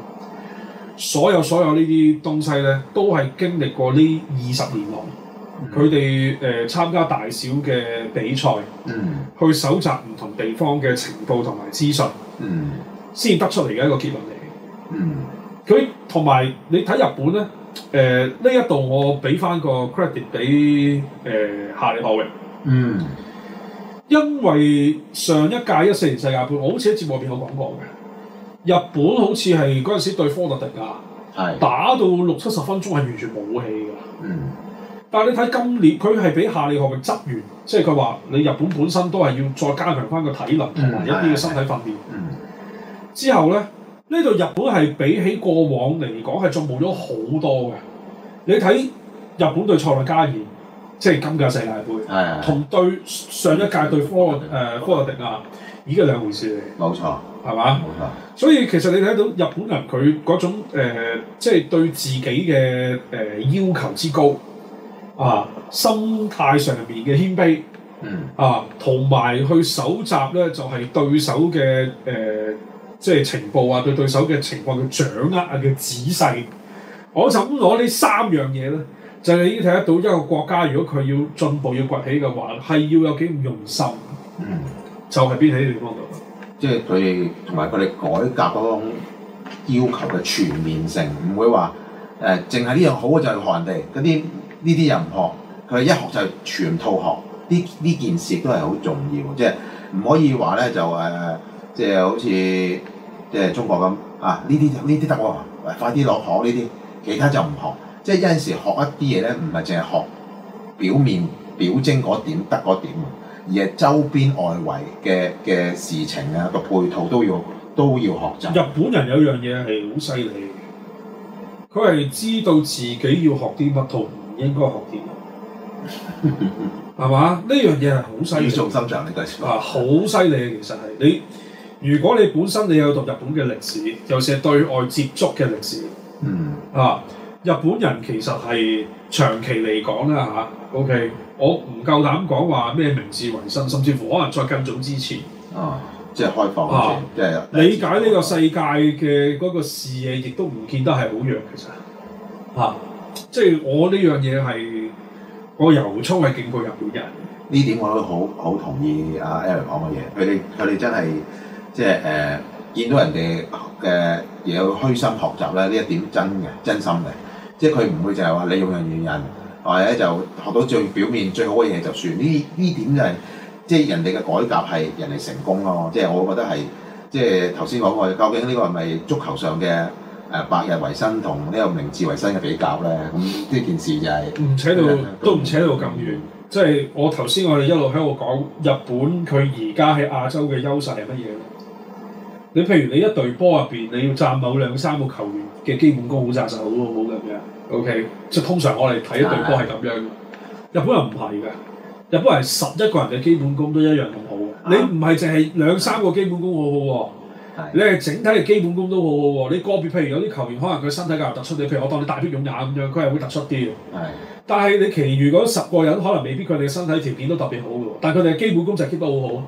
所有所有呢啲東西咧，都係經歷過呢二十年來，佢哋誒參加大小嘅比賽，嗯、去搜集唔同地方嘅情報同埋資訊，先、嗯、得出嚟嘅一個結論嚟。佢同埋你睇日本咧，誒、呃、呢一度我俾翻個 credit 俾誒、呃、夏利可榮，嗯、因為上一屆一四年世界盃，我好似喺節目入邊有講過嘅。日本好似係嗰陣時對科特迪亞，打到六七十分鐘係完全冇氣㗎。嗯，但係你睇今年佢係俾夏利學嘅執完，即係佢話你日本本身都係要再加強翻個體能同埋一啲嘅身體訓練。嗯，嗯之後咧呢度日本係比起過往嚟講係進步咗好多嘅。你睇日本對塞內加爾，即係今屆世界盃，同對，對，對，對上一屆對科誒、呃、科特迪亞已經兩回事嚟。冇錯。係嘛？嗯、所以其實你睇到日本人佢嗰種即係、呃就是、對自己嘅誒、呃、要求之高啊，心態上面嘅謙卑，嗯啊，同埋去搜集咧就係、是、對手嘅誒，即、呃、係、就是、情報啊，對對手嘅情況嘅掌握啊嘅仔細，我就咁攞呢三樣嘢咧，就你已經睇得到一個國家如果佢要進步要崛起嘅話，係要有幾用心，嗯，就係邊喺呢地方度。即係佢哋同埋佢哋改革嗰種要求嘅全面性，唔會話誒淨係呢樣好嘅就係學人哋嗰啲呢啲又唔學，佢一學就全套學。呢呢件事都係好重要，即係唔可以話咧就誒、呃，即係好似即係中國咁啊呢啲呢啲得喎，快啲落學呢啲，其他就唔學。即係有陣時學一啲嘢咧，唔係淨係學表面表徵嗰點得嗰點。而周邊外圍嘅嘅事情啊，個配套都要都要學習。日本人有一樣嘢係好犀利，佢係知道自己要學啲乜，同唔應該學啲乜，係嘛？ 呢樣嘢係好犀利。語重心長呢句啊，好犀利啊！其實係你，如果你本身你有讀日本嘅歷史，尤其係對外接觸嘅歷史，嗯啊，日本人其實係長期嚟講咧嚇，OK。我唔夠膽講話咩明治維新，甚至乎可能再更早之前，嗯、啊，即係開放嗰即係理解呢個世界嘅嗰個視野，亦都唔見得係好弱其實，啊、嗯，即係我呢樣嘢係個由衷係敬過日本人，呢點我都好好同意阿 Aaron 講嘅嘢，佢哋佢哋真係即係誒、呃、見到人哋嘅有虛心學習咧，呢一點真嘅真心嘅，即係佢唔會就係話你用人與人。或者就學到最表面最好嘅嘢就算呢呢點就係即係人哋嘅改革係人哋成功咯，即、就、係、是、我覺得係即係頭先講過，究竟呢個係咪足球上嘅誒百日維新同呢個明治維新嘅比較咧？咁呢件事就係唔扯到，人都唔扯到咁遠。即係、嗯、我頭先我哋一路喺度講日本佢而家喺亞洲嘅優勢係乜嘢咧？你譬如你一隊波入邊，你要讚某兩三個球員嘅基本功好紮實好喎，好咁樣。O K，即係通常我哋睇一對波係咁樣，哎哎日。日本人唔係嘅，日本人十一個人嘅基本功都一樣咁好。Ah, 你唔係淨係兩三個基本功好好喎，is. 你係整體嘅基本功都好好喎。你個別譬如有啲球員可能佢身體較突出，你，你譬如我當你大屁股眼咁樣，佢係會突出啲。係、哎，但係你其餘嗰十個人可能未必佢哋嘅身體條件都特別好嘅，但係佢哋嘅基本功就 keep 得好好。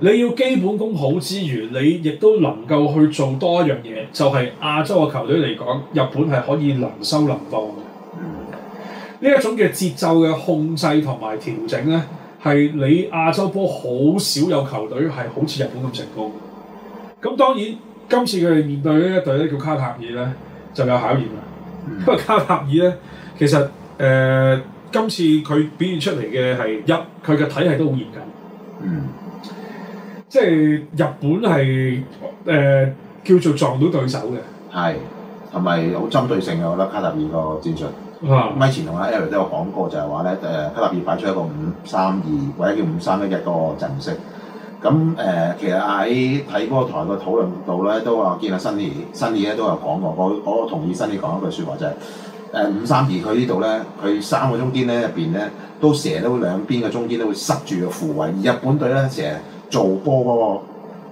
你要基本功好之餘，你亦都能夠去做多一樣嘢，就係、是、亞洲嘅球隊嚟講，日本係可以能收能放嘅。呢一種嘅節奏嘅控制同埋調整呢，係你亞洲波好少有球隊係好似日本咁成功嘅。咁當然，今次佢哋面對呢一隊咧叫卡塔爾呢，就有考驗啦。因為、嗯、卡塔爾呢，其實誒、呃，今次佢表現出嚟嘅係一，佢嘅體系都好嚴謹。嗯即係日本係誒、呃、叫做撞到對手嘅，係同埋好針對性嘅。我覺得卡塔爾個戰術，咁、嗯、前同阿 Elly 都有講過就，就係話咧誒卡塔爾擺出一個五三二或者叫五三一一個陣式。咁誒、呃、其實喺睇波台個討論度咧，都話見阿新義新義咧都有講過，我我同意新義講一句説話就係誒五三二佢呢度咧，佢三個中堅咧入邊咧都成日都兩邊嘅中堅都會塞住個扶位，而日本隊咧成日。蛇做波嗰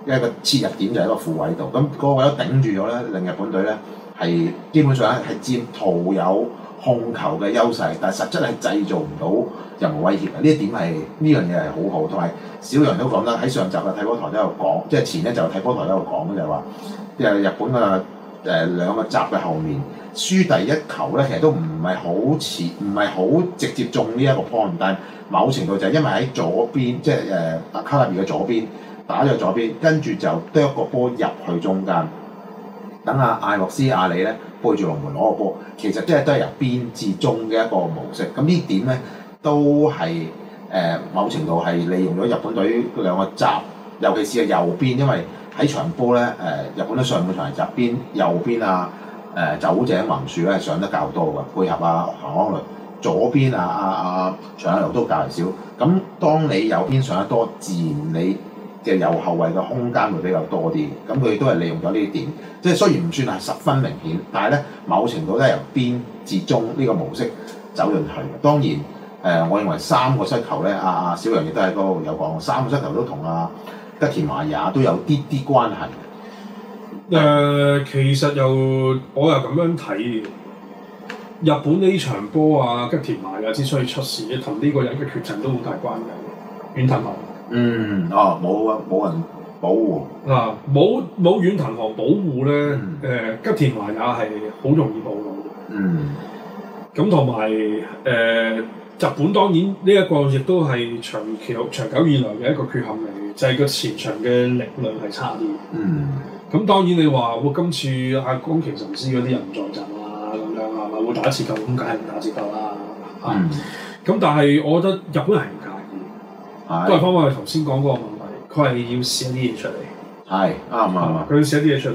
個一個切入點就喺個副位度，咁、那、嗰個位都頂住咗咧，令日本隊咧係基本上咧係佔圖有控球嘅優勢，但係實質係製造唔到任何威脅啊！呢一點係呢樣嘢係好好，同埋小楊都講啦，喺上集嘅體波台都有講，即係前一集嘅體波台都有講咧，就係話，啲啊日本啊誒兩個閘嘅後面。輸第一球咧，其實都唔係好似，唔係好直接中呢一個 point，但某程度就係因為喺左邊，即係誒卡拉邊嘅左邊打咗左邊，跟住就掉個波入去中間，等阿艾洛斯阿里咧背住龍門攞個波，其實即係都係由邊至中嘅一個模式。咁呢點咧都係誒、呃、某程度係利用咗日本隊兩個閘，尤其是右邊，因為喺場波咧誒日本咧上半場入邊右邊啊。誒酒井宏樹咧上得較多嘅，配合啊行康侶左邊啊啊啊上得都較為少。咁當你右邊上得多，自然你嘅右後衞嘅空間會比較多啲。咁佢都係利用咗呢啲點，即係雖然唔算係十分明顯，但係咧某程度都係由邊至中呢個模式走入去。當然誒、呃，我認為三個失球咧，阿、啊、阿小楊亦都喺嗰度有講，三個失球都同阿吉田麻也都有啲啲關係。誒、呃，其實又我又咁樣睇日本呢場波啊，吉田麻也之所以出事，同呢個人嘅缺陣都好大關係嘅。遠藤航，嗯，啊，冇啊，冇人保護。啊、嗯，冇冇遠藤航保護咧，誒，吉田麻也係好容易暴露嘅。嗯，咁同埋誒。日本當然呢一個亦都係長期長久以來嘅一個缺陷嚟，就係、是、個前場嘅力量係差啲。嗯。咁當然你話會今次阿宮崎甚司嗰啲人唔在陣啊，咁樣係咪會打折扣，咁梗係唔打折扣啦。咁、嗯、但係我覺得日本人係唔介意，嗯、都係翻翻去頭先講嗰個問題，佢係要試啲嘢出嚟。係啱啊嘛。佢要試啲嘢出嚟，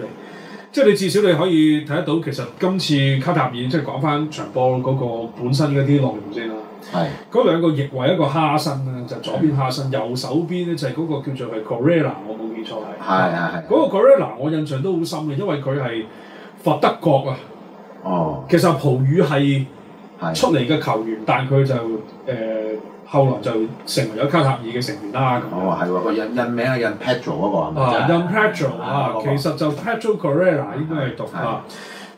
即係你至少你可以睇得到，其實今次卡塔爾即係講翻場波嗰個本身嗰啲內容先。係嗰兩個翼位一個哈身啦，就左邊哈身，右手邊咧就係嗰個叫做係 Correia，我冇記錯係。係係係嗰個 Correia，我印象都好深嘅，因為佢係佛德國啊。哦，其實葡語係出嚟嘅球員，但佢就誒後來就成為咗卡塔爾嘅成員啦。哦，係喎，個印印名係 Imperial 嗰個啊 Imperial 啊，其實就 Pedro Correia 應該係讀法。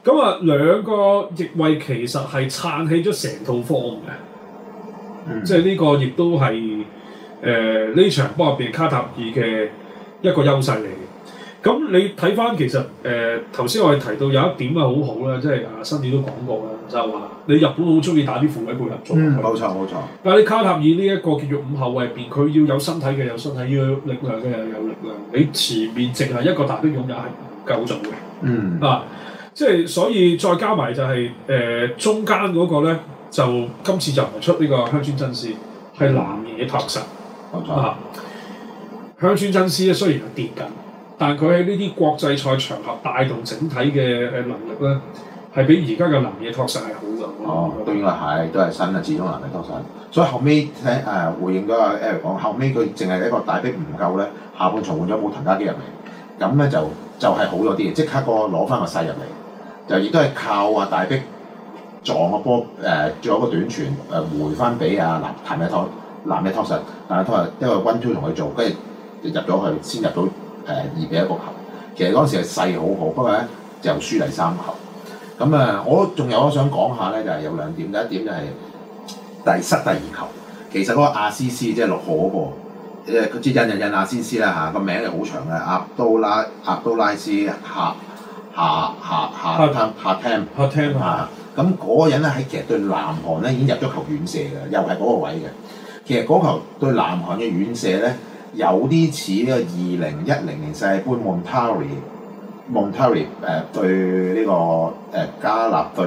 咁啊，兩個翼位其實係撐起咗成套方嘅。嗯、即係呢個亦都係誒呢場波入邊卡塔爾嘅一個優勢嚟嘅。咁你睇翻其實誒頭先我哋提到有一點啊，好好啦，即係阿新宇都講過啦，就話你日本好中意打啲副位配合做。冇錯冇錯。但係你卡塔爾呢一個叫做五後衞邊，佢要有身體嘅，有身體要力量嘅，又有力量。你前面淨係一個大兵擁也係唔夠做嘅。嗯。啊、嗯，即係所以再加埋就係、是、誒、呃、中間嗰個咧。嗯嗯就今次就唔出呢個香川真司，係、嗯、南野拓實啊！香川真司咧雖然係跌緊，但佢喺呢啲國際賽場合帶動整體嘅誒能力咧，係比而家嘅南野拓實係好咗。哦，都、嗯、應該係都係新嘅，始終南野拓實。嗯、所以後尾，聽、呃、誒回應咗阿 Eric 講，後尾佢淨係一個大迫唔夠咧，下半場換咗武藤嘉紀入嚟，咁咧就就係好咗啲，即刻個攞翻個勢入嚟，就亦都係靠話大迫。撞個波誒，做一個短傳誒回翻俾啊！嗱，談咩湯？談咩湯實？但係湯實，一個 one-two 同佢做，跟住就入咗去，先入到誒二比一個球，球。其實嗰陣時係勢好好，不過咧就輸第三球。咁啊，我仲有我想講下咧，就係、是、有兩點。第一點就係第失第二球，其實嗰個阿斯斯即係六號嗰、那個，誒佢即印印印阿斯斯啦嚇，個名又好長嘅阿都拉阿都拉斯夏夏夏夏湯夏湯啊。咁嗰個人咧，喺其實對南韓咧已經入咗球，遠射嘅，又係嗰個位嘅。其實嗰球對南韓嘅遠射咧有啲似呢個二零一零年世盃 Muntari Muntari 誒對呢個誒加納對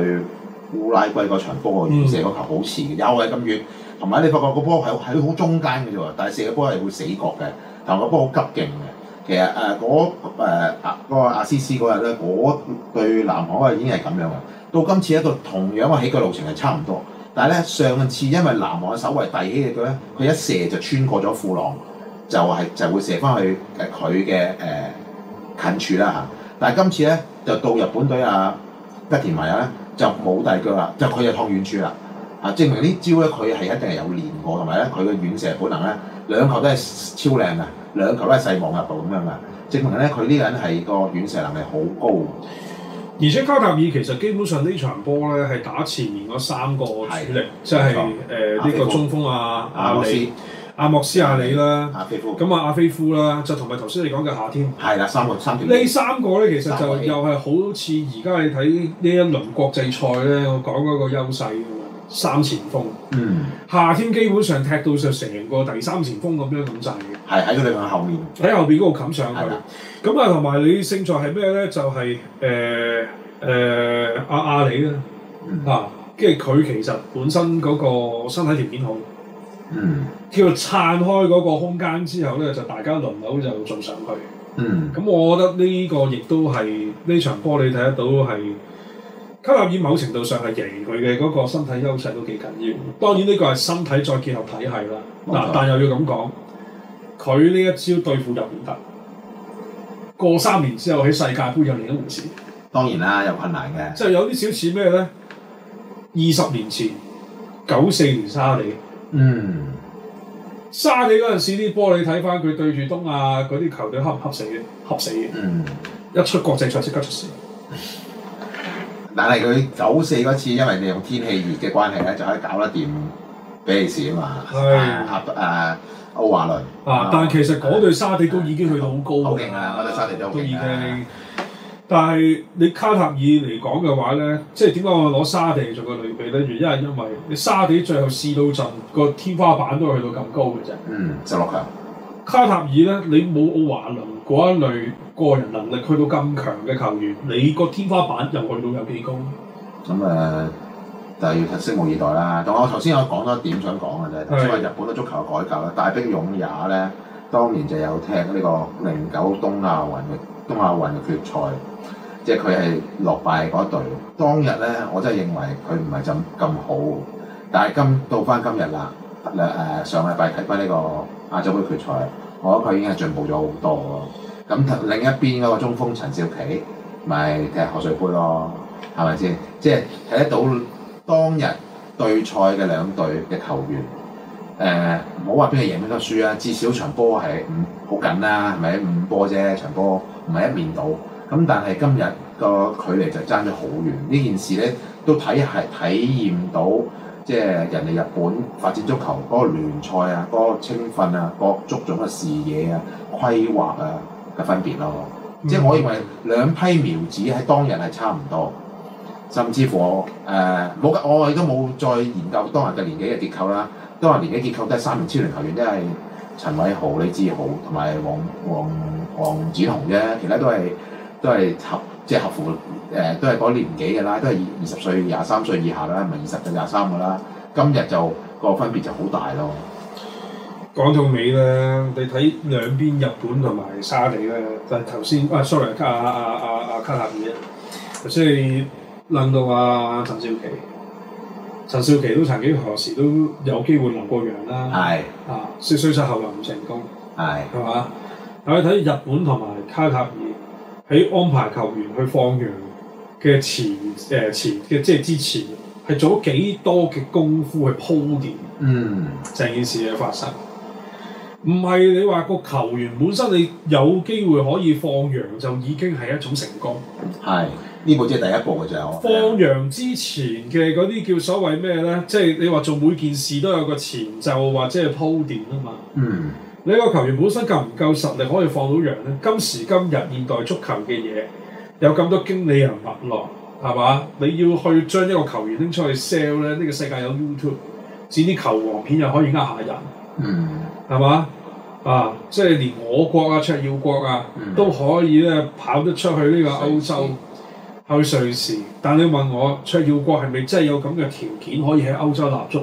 烏拉圭個場波嘅遠射個球好似嘅，又係咁遠。同埋你發覺個波係喺好中間嘅啫喎，但係射個波係會死角嘅，但個波好急勁嘅。其實誒嗰誒亞嗰個亞斯斯嗰日咧，我對南韓啊已經係咁樣嘅。 到今次一個同樣嘅起腳路程係差唔多，但係咧上次因為南韓守衛遞起嘅腳咧，佢一射就穿過咗褲浪，就係就係會射翻去誒佢嘅誒近處啦嚇。但係今次咧就到日本隊阿、啊、吉田迷維咧就冇遞腳啦，就佢就趟遠處啦嚇、啊，證明呢招咧佢係一定係有練過，同埋咧佢嘅遠射本能咧兩球都係超靚嘅，兩球都係細網入到咁樣嘅，證明咧佢呢個人係個遠射能力好高。而且卡塔爾其實基本上這場球，呢場波呢係打前面嗰三個主力，是的即係呢個中鋒，啊阿莫斯阿莫斯，阿莫斯阿里啦，咁啊阿菲夫啦、啊，就同埋頭先你講嘅夏天，係啦三,三,三,三個三條，呢三個咧其實就點又係好似而家你睇呢一輪國際賽咧，我講嗰個優勢。三前鋒，嗯，夏天基本上踢到就成個第三前鋒咁樣咁滯嘅，係喺個隊伍後面，喺、嗯、後面嗰度冚上去。咁啊的，同埋你勝在係咩咧？就係誒誒阿阿里啦，啊，即係佢其實本身嗰個身體條件好，嗯、叫做撐開嗰個空間之後咧，就大家輪流就做上去。嗯，咁、嗯、我覺得呢個亦都係呢場波你睇得到係。卡納爾某程度上係贏佢嘅嗰個身體優勢都幾緊要，當然呢個係身體再結合體系啦。嗱，冇錯，但又要咁講，佢呢一招對付入面得，過三年之後喺世界盃又另一回事。當然啦，又有困難嘅。即係有啲少似咩咧？二十年前，九四年沙地，嗯，沙地嗰陣時啲波你睇翻佢對住東亞嗰啲球隊，恰唔恰死嘅？恰死嘅，嗯，一出國際賽即刻出事。但係佢九四嗰次，因為利用天氣熱嘅關係咧，就可以搞得掂比利時啊嘛，配合誒奧華倫啊！華啊，但係其實嗰對沙地都已經去到好高。好勁啊，啊，啊！我哋沙地都好已經。啊、但係你卡塔爾嚟講嘅話咧，即係點解我攞沙地做個類比咧？原因一係因為你沙地最後試到陣個天花板都去到咁高嘅啫。嗯，十六強。卡塔爾咧，你冇奧華倫嗰一類個人能力去到咁強嘅球員，你個天花板又去到有幾高？咁誒、嗯，就、呃、係要睇拭目以待啦。同我頭先我講多一點想講嘅就係，頭先話日本嘅足球改革咧，大迫勇也咧，當年就有踢呢個零九東亞運、嗯、東亞運嘅決賽，即係佢係落敗嗰隊。當日咧，我真係認為佢唔係咁咁好，但係今到翻今日啦，誒、呃、上禮拜睇翻呢個。亞洲杯決賽，我覺得佢已經係進步咗好多喎。咁另一邊嗰個中鋒陳肇麒，咪、就是、踢賀歲杯咯，係咪先？即係睇得到當日對賽嘅兩隊嘅球員，誒，唔好話邊個贏邊個輸啊！至少場波係五好緊啦、啊，係咪五波啫？場波唔係一面倒。咁但係今日個距離就爭咗好遠。呢件事咧都睇係體驗到。即係人哋日本發展足球嗰個聯賽啊，嗰、那個青訓啊，各足總嘅視野啊、規劃啊嘅分別咯、啊。嗯、即係我認為兩批苗子喺當日係差唔多，甚至乎誒冇我亦都冇再研究當日嘅年紀嘅結構啦。當日年紀結構都係三名超齡球員，因為陳偉豪、李志豪同埋黃黃黃梓桐啫，其他都係都係即係合乎誒、呃，都係嗰年紀嘅啦，都係二十歲、廿三歲以下啦，唔係二十到廿三嘅啦。今日就個分別就好大咯。講到尾咧，你睇兩邊日本同埋沙地咧，但頭先啊，sorry，卡啊啊啊卡塔爾，即係諗到啊，陳少琪，陳少琪都曾經何時都有機會混過洋啦，係是啊，衰衰出後來唔成功，係係嘛？但係睇日本同埋卡塔爾。喺安排球員去放羊嘅前誒、呃、前嘅即係之前，係做咗幾多嘅功夫去鋪墊，成件事嘅發生。唔係、嗯、你話個球員本身你有機會可以放羊，就已經係一種成功。係呢步先係第一步嘅啫。我放羊之前嘅嗰啲叫所謂咩咧？即係你話做每件事都有個前奏或者係鋪墊啊嘛。嗯。你個球員本身夠唔夠實力可以放到洋呢？今時今日現代足球嘅嘢有咁多經理人脈，係嘛？你要去將一個球員拎出去 sell 咧，呢、呢個世界有 YouTube，剪啲球王片又可以呃下人，係嘛、嗯？啊，即係連我國啊、卓耀國啊都可以咧跑得出去呢個歐洲、嗯、去瑞士。但你問我卓耀國係咪真係有咁嘅條件可以喺歐洲立足？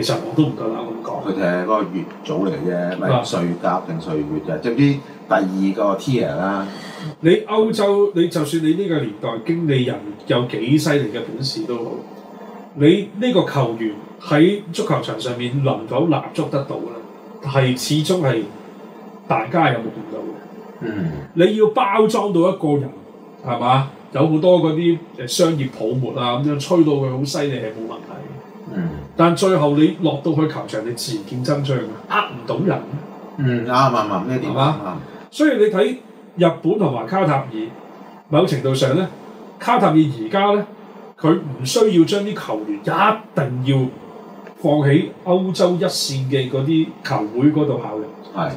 其實我都唔夠膽咁講。佢就係嗰個越早嚟嘅啫，唔係瑞甲定歲月就知唔知第二個 tier 啦？你歐洲，你就算你呢個年代經理人有幾犀利嘅本事都好，你呢個球員喺足球場上面能否立足得到咧？係始終係大家有諗唔到嘅。嗯。你要包裝到一個人係嘛？有好多嗰啲誒商業泡沫啊咁樣吹到佢好犀利係冇問題。嗯，但最後你落到去球場，你自然見真章啊，呃唔到人。 嗯，啱啱啱，呢點啊？所以你睇日本同埋卡塔爾，某程度上咧，卡塔爾而家咧，佢唔需要將啲球員一定要放喺歐洲一線嘅嗰啲球會嗰度考慮。係是。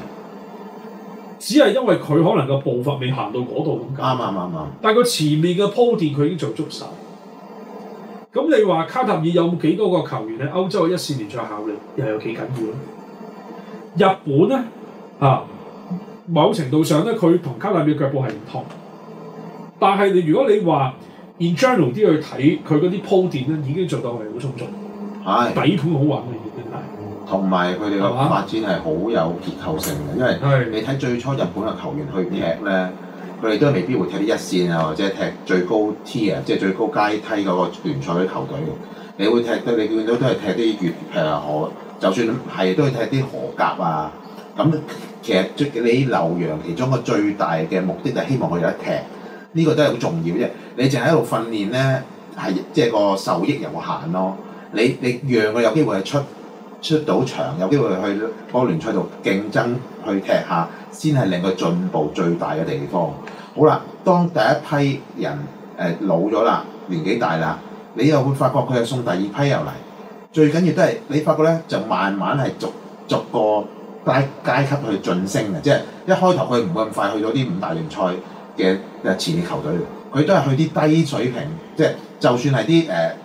只係因為佢可能個步伐未行到嗰度咁啱啱啱啱。但佢前面嘅鋪墊，佢已經做足晒。咁你話卡塔爾有幾多個球員喺歐洲一線聯賽效力，又有幾緊要咧？日本咧啊，某程度上咧，佢同卡塔爾嘅腳步係唔同，但係你如果你話 in general 啲去睇佢嗰啲鋪墊咧，已經做到係好充足，係是底盤好穩嘅嘢嚟。同埋佢哋嘅發展係好有結構性嘅，吧因為你睇最初日本嘅球員去踢咧。佢哋都未必會踢啲一線啊，或者踢最高 Tier 即係最高階梯嗰個聯賽嗰啲球隊你會踢都，你見到都係踢啲越誒河，就算係都係踢啲河甲啊。咁、嗯、其實你留洋其中個最大嘅目的就係希望佢有得踢，呢、呢個都係好重要嘅。你淨係喺度訓練咧，係即係個受益有限咯。你你讓佢有機會係出。出到場有機會去嗰個聯賽度競爭去踢下，先係令佢進步最大嘅地方。好啦，當第一批人，誒、呃、老咗啦，年紀大啦，你又會發覺佢係送第二批又嚟。最緊要都係你發覺咧，就慢慢係逐逐個階階級去晉升嘅，即係一開頭佢唔會咁快去咗啲五大聯賽嘅前列嘅球隊，佢都係去啲低水平，即係就算係啲誒。呃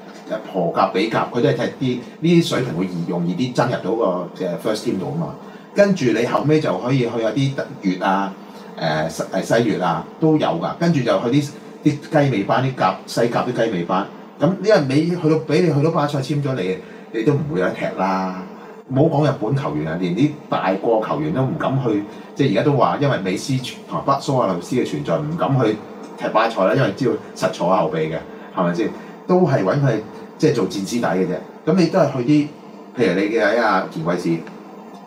葡甲、比甲，佢都係踢啲呢啲水平會容易容易啲進入到個嘅 first team 度啊嘛。跟住你後屘就可以去下啲德乙啊、誒、呃、西西乙啊都有㗎。跟住就去啲啲雞尾班啲甲西甲啲雞尾班。咁呢個美去到俾你去到巴塞簽咗你，你都唔會有得踢啦。唔好講日本球員啊，連啲大個球員都唔敢去。即係而家都話，因為美斯同埋北蘇亞雷斯嘅存在，唔敢去踢巴塞啦，因為知道實坐後備嘅係咪先？都係揾佢。即係做戰師弟嘅啫，咁你都係去啲，譬如你嘅睇阿傑尼士，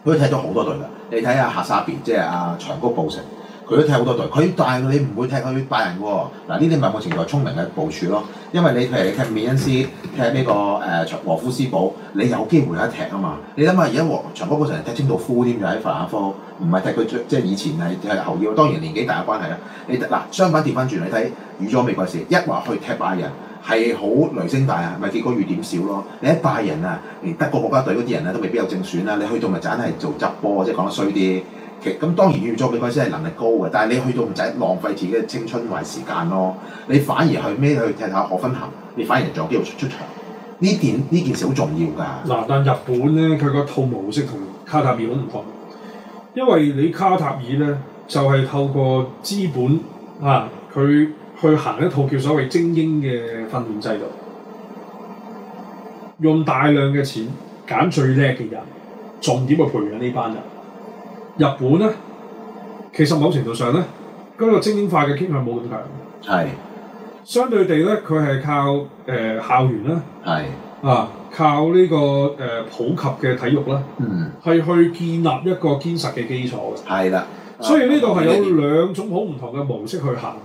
佢都踢咗好多隊啦。你睇下哈沙比，即係阿、啊、長谷布城，佢都踢好多隊。佢但係你唔會踢去拜仁嘅喎。嗱、啊，呢啲咪目前為止聰明嘅部署咯。因為你譬如你踢美恩斯，踢呢、呢個誒禾夫斯堡，你有機會可以踢啊嘛。你諗下，而家長谷布城踢清道夫添，就喺法蘭克福，唔係踢佢即係以前係係後腰，當然年紀大關係啦。你嗱、啊、相反調翻轉，你睇預咗美尼斯一話去踢拜仁。係好雷聲大啊，咪結果雨點少咯。你一拜人啊，連德國國家隊嗰啲人啊，都未必有正選啦。你去到咪就係做執波，即係講得衰啲。其實咁當然預咗比賽先係能力高嘅，但係你去到唔使浪費自己嘅青春壞時間咯。你反而去咩去踢下荷芬咸，你反而仲有機會出出場。呢點呢件事好重要㗎。嗱，但日本咧佢個套模式同卡塔爾好唔同，因為你卡塔爾咧就係、是、透過資本啊佢。去行一套叫所謂精英嘅訓練制度，用大量嘅錢揀最叻嘅人，重點去培養呢班人。日本咧，其實某程度上咧，嗰個精英化嘅傾向冇咁強。係，相對地咧，佢係靠誒校園啦，係啊，靠呢個誒普及嘅體育啦，嗯，係去建立一個堅實嘅基礎嘅。係啦，所以呢度係有兩種好唔同嘅模式去行。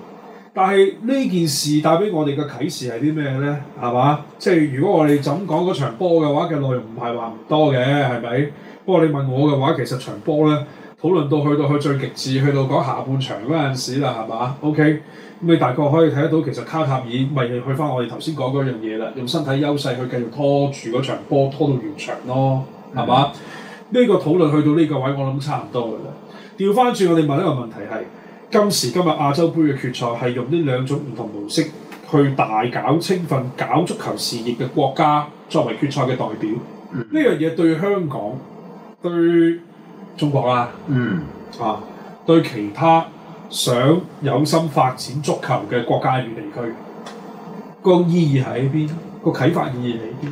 但係呢件事帶俾我哋嘅啟示係啲咩呢？係嘛？即係如果我哋就咁講嗰場波嘅話，嘅內容唔係話唔多嘅，係咪？不過你問我嘅話，其實場波呢，討論到去到去到最極致，去到講下半場嗰陣時啦，係嘛？OK，咁你大概可以睇得到，其實卡塔爾咪係去翻我哋頭先講嗰樣嘢啦，用身體優勢去繼續拖住嗰場波，拖到完場咯，係嘛？呢、嗯、個討論去到呢個位，我諗差唔多㗎啦。調翻轉，我哋問一個問題係。今時今日亞洲盃嘅決賽係用呢兩種唔同模式去大搞青訓、搞足球事業嘅國家作為決賽嘅代表，呢樣嘢對香港、對中國啦，嗯啊，對其他想有心發展足球嘅國家與地區，個意義喺邊？個啟發意義喺邊？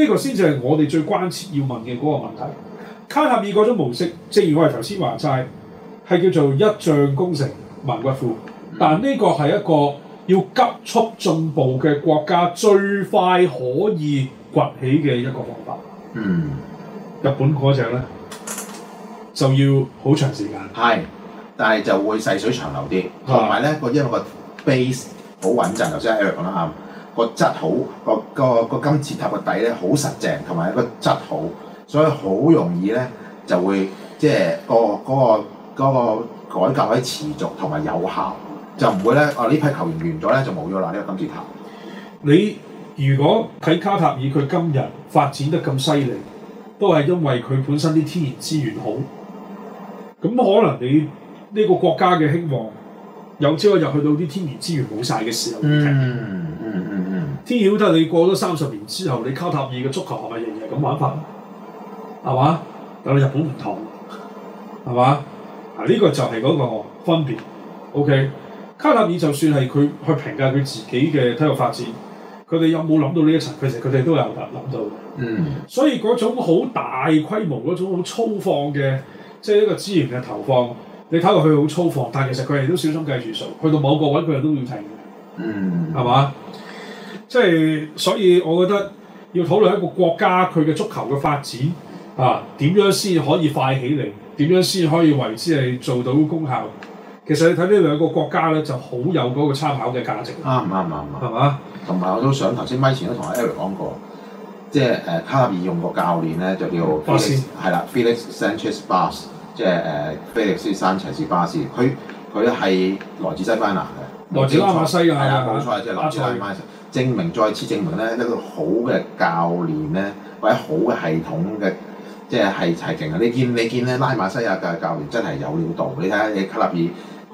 呢個先至係我哋最關切要問嘅嗰個問題。卡塔爾嗰種模式，正如我哋頭先話齋。係叫做一將功成萬骨枯，但呢個係一個要急速進步嘅國家最快可以崛起嘅一個方法。嗯，日本嗰隻咧就要好長時間，係，但係就會細水長流啲，同埋咧個因為個 base 好穩陣，頭先講啦，個質好，個、個、個金字塔個底咧好實淨，同埋個質好，所以好容易咧就會即係個嗰個。嗰個嗰個改革可以持續同埋有效，就唔會咧啊！呢批球員完咗咧就冇咗啦，呢個金字塔。你如果睇卡塔爾，佢今日發展得咁犀利，都係因為佢本身啲天然資源好。咁可能你呢、這個國家嘅興旺，有朝一日去到啲天然資源冇晒嘅時候，嗯嗯嗯嗯，嗯嗯嗯天曉得你過咗三十年之後，你卡塔爾嘅足球係咪日日係咁玩法咧？係嘛？但係日本唔同，係嘛？嗱，呢個就係嗰個分別。OK，卡塔爾就算係佢去評價佢自己嘅體育發展，佢哋有冇諗到呢一層？其實佢哋都有諗到。嗯。所以嗰種好大規模、嗰種好粗放嘅，即係一個資源嘅投放，你睇落去好粗放，但係其實佢哋都小心計住數，去到某個位佢哋都要停。嗯。係嘛？即係，所以我覺得要討論一個國家佢嘅足球嘅發展啊，點樣先可以快起嚟？點樣先可以為之係做到功效？其實你睇呢兩個國家咧，就好有嗰個參考嘅價值。啱唔啱啊？係嘛？同埋我都想頭先 Mike 麥前都同阿 Eric 講過，即係誒卡爾用個教練咧就叫巴斯，係啦，Felix Sanchez 巴斯，即係誒 Felix Sanchez 巴士。佢佢係來自西班牙嘅，來自拉馬西嘅係嘛？冇錯，即係來自拉馬西，證明再次證明咧一個好嘅教練咧，或者好嘅系統嘅。即係係係勁啊！你見你見咧，拉馬西亞嘅教練真係有料到。你睇下你卡納爾，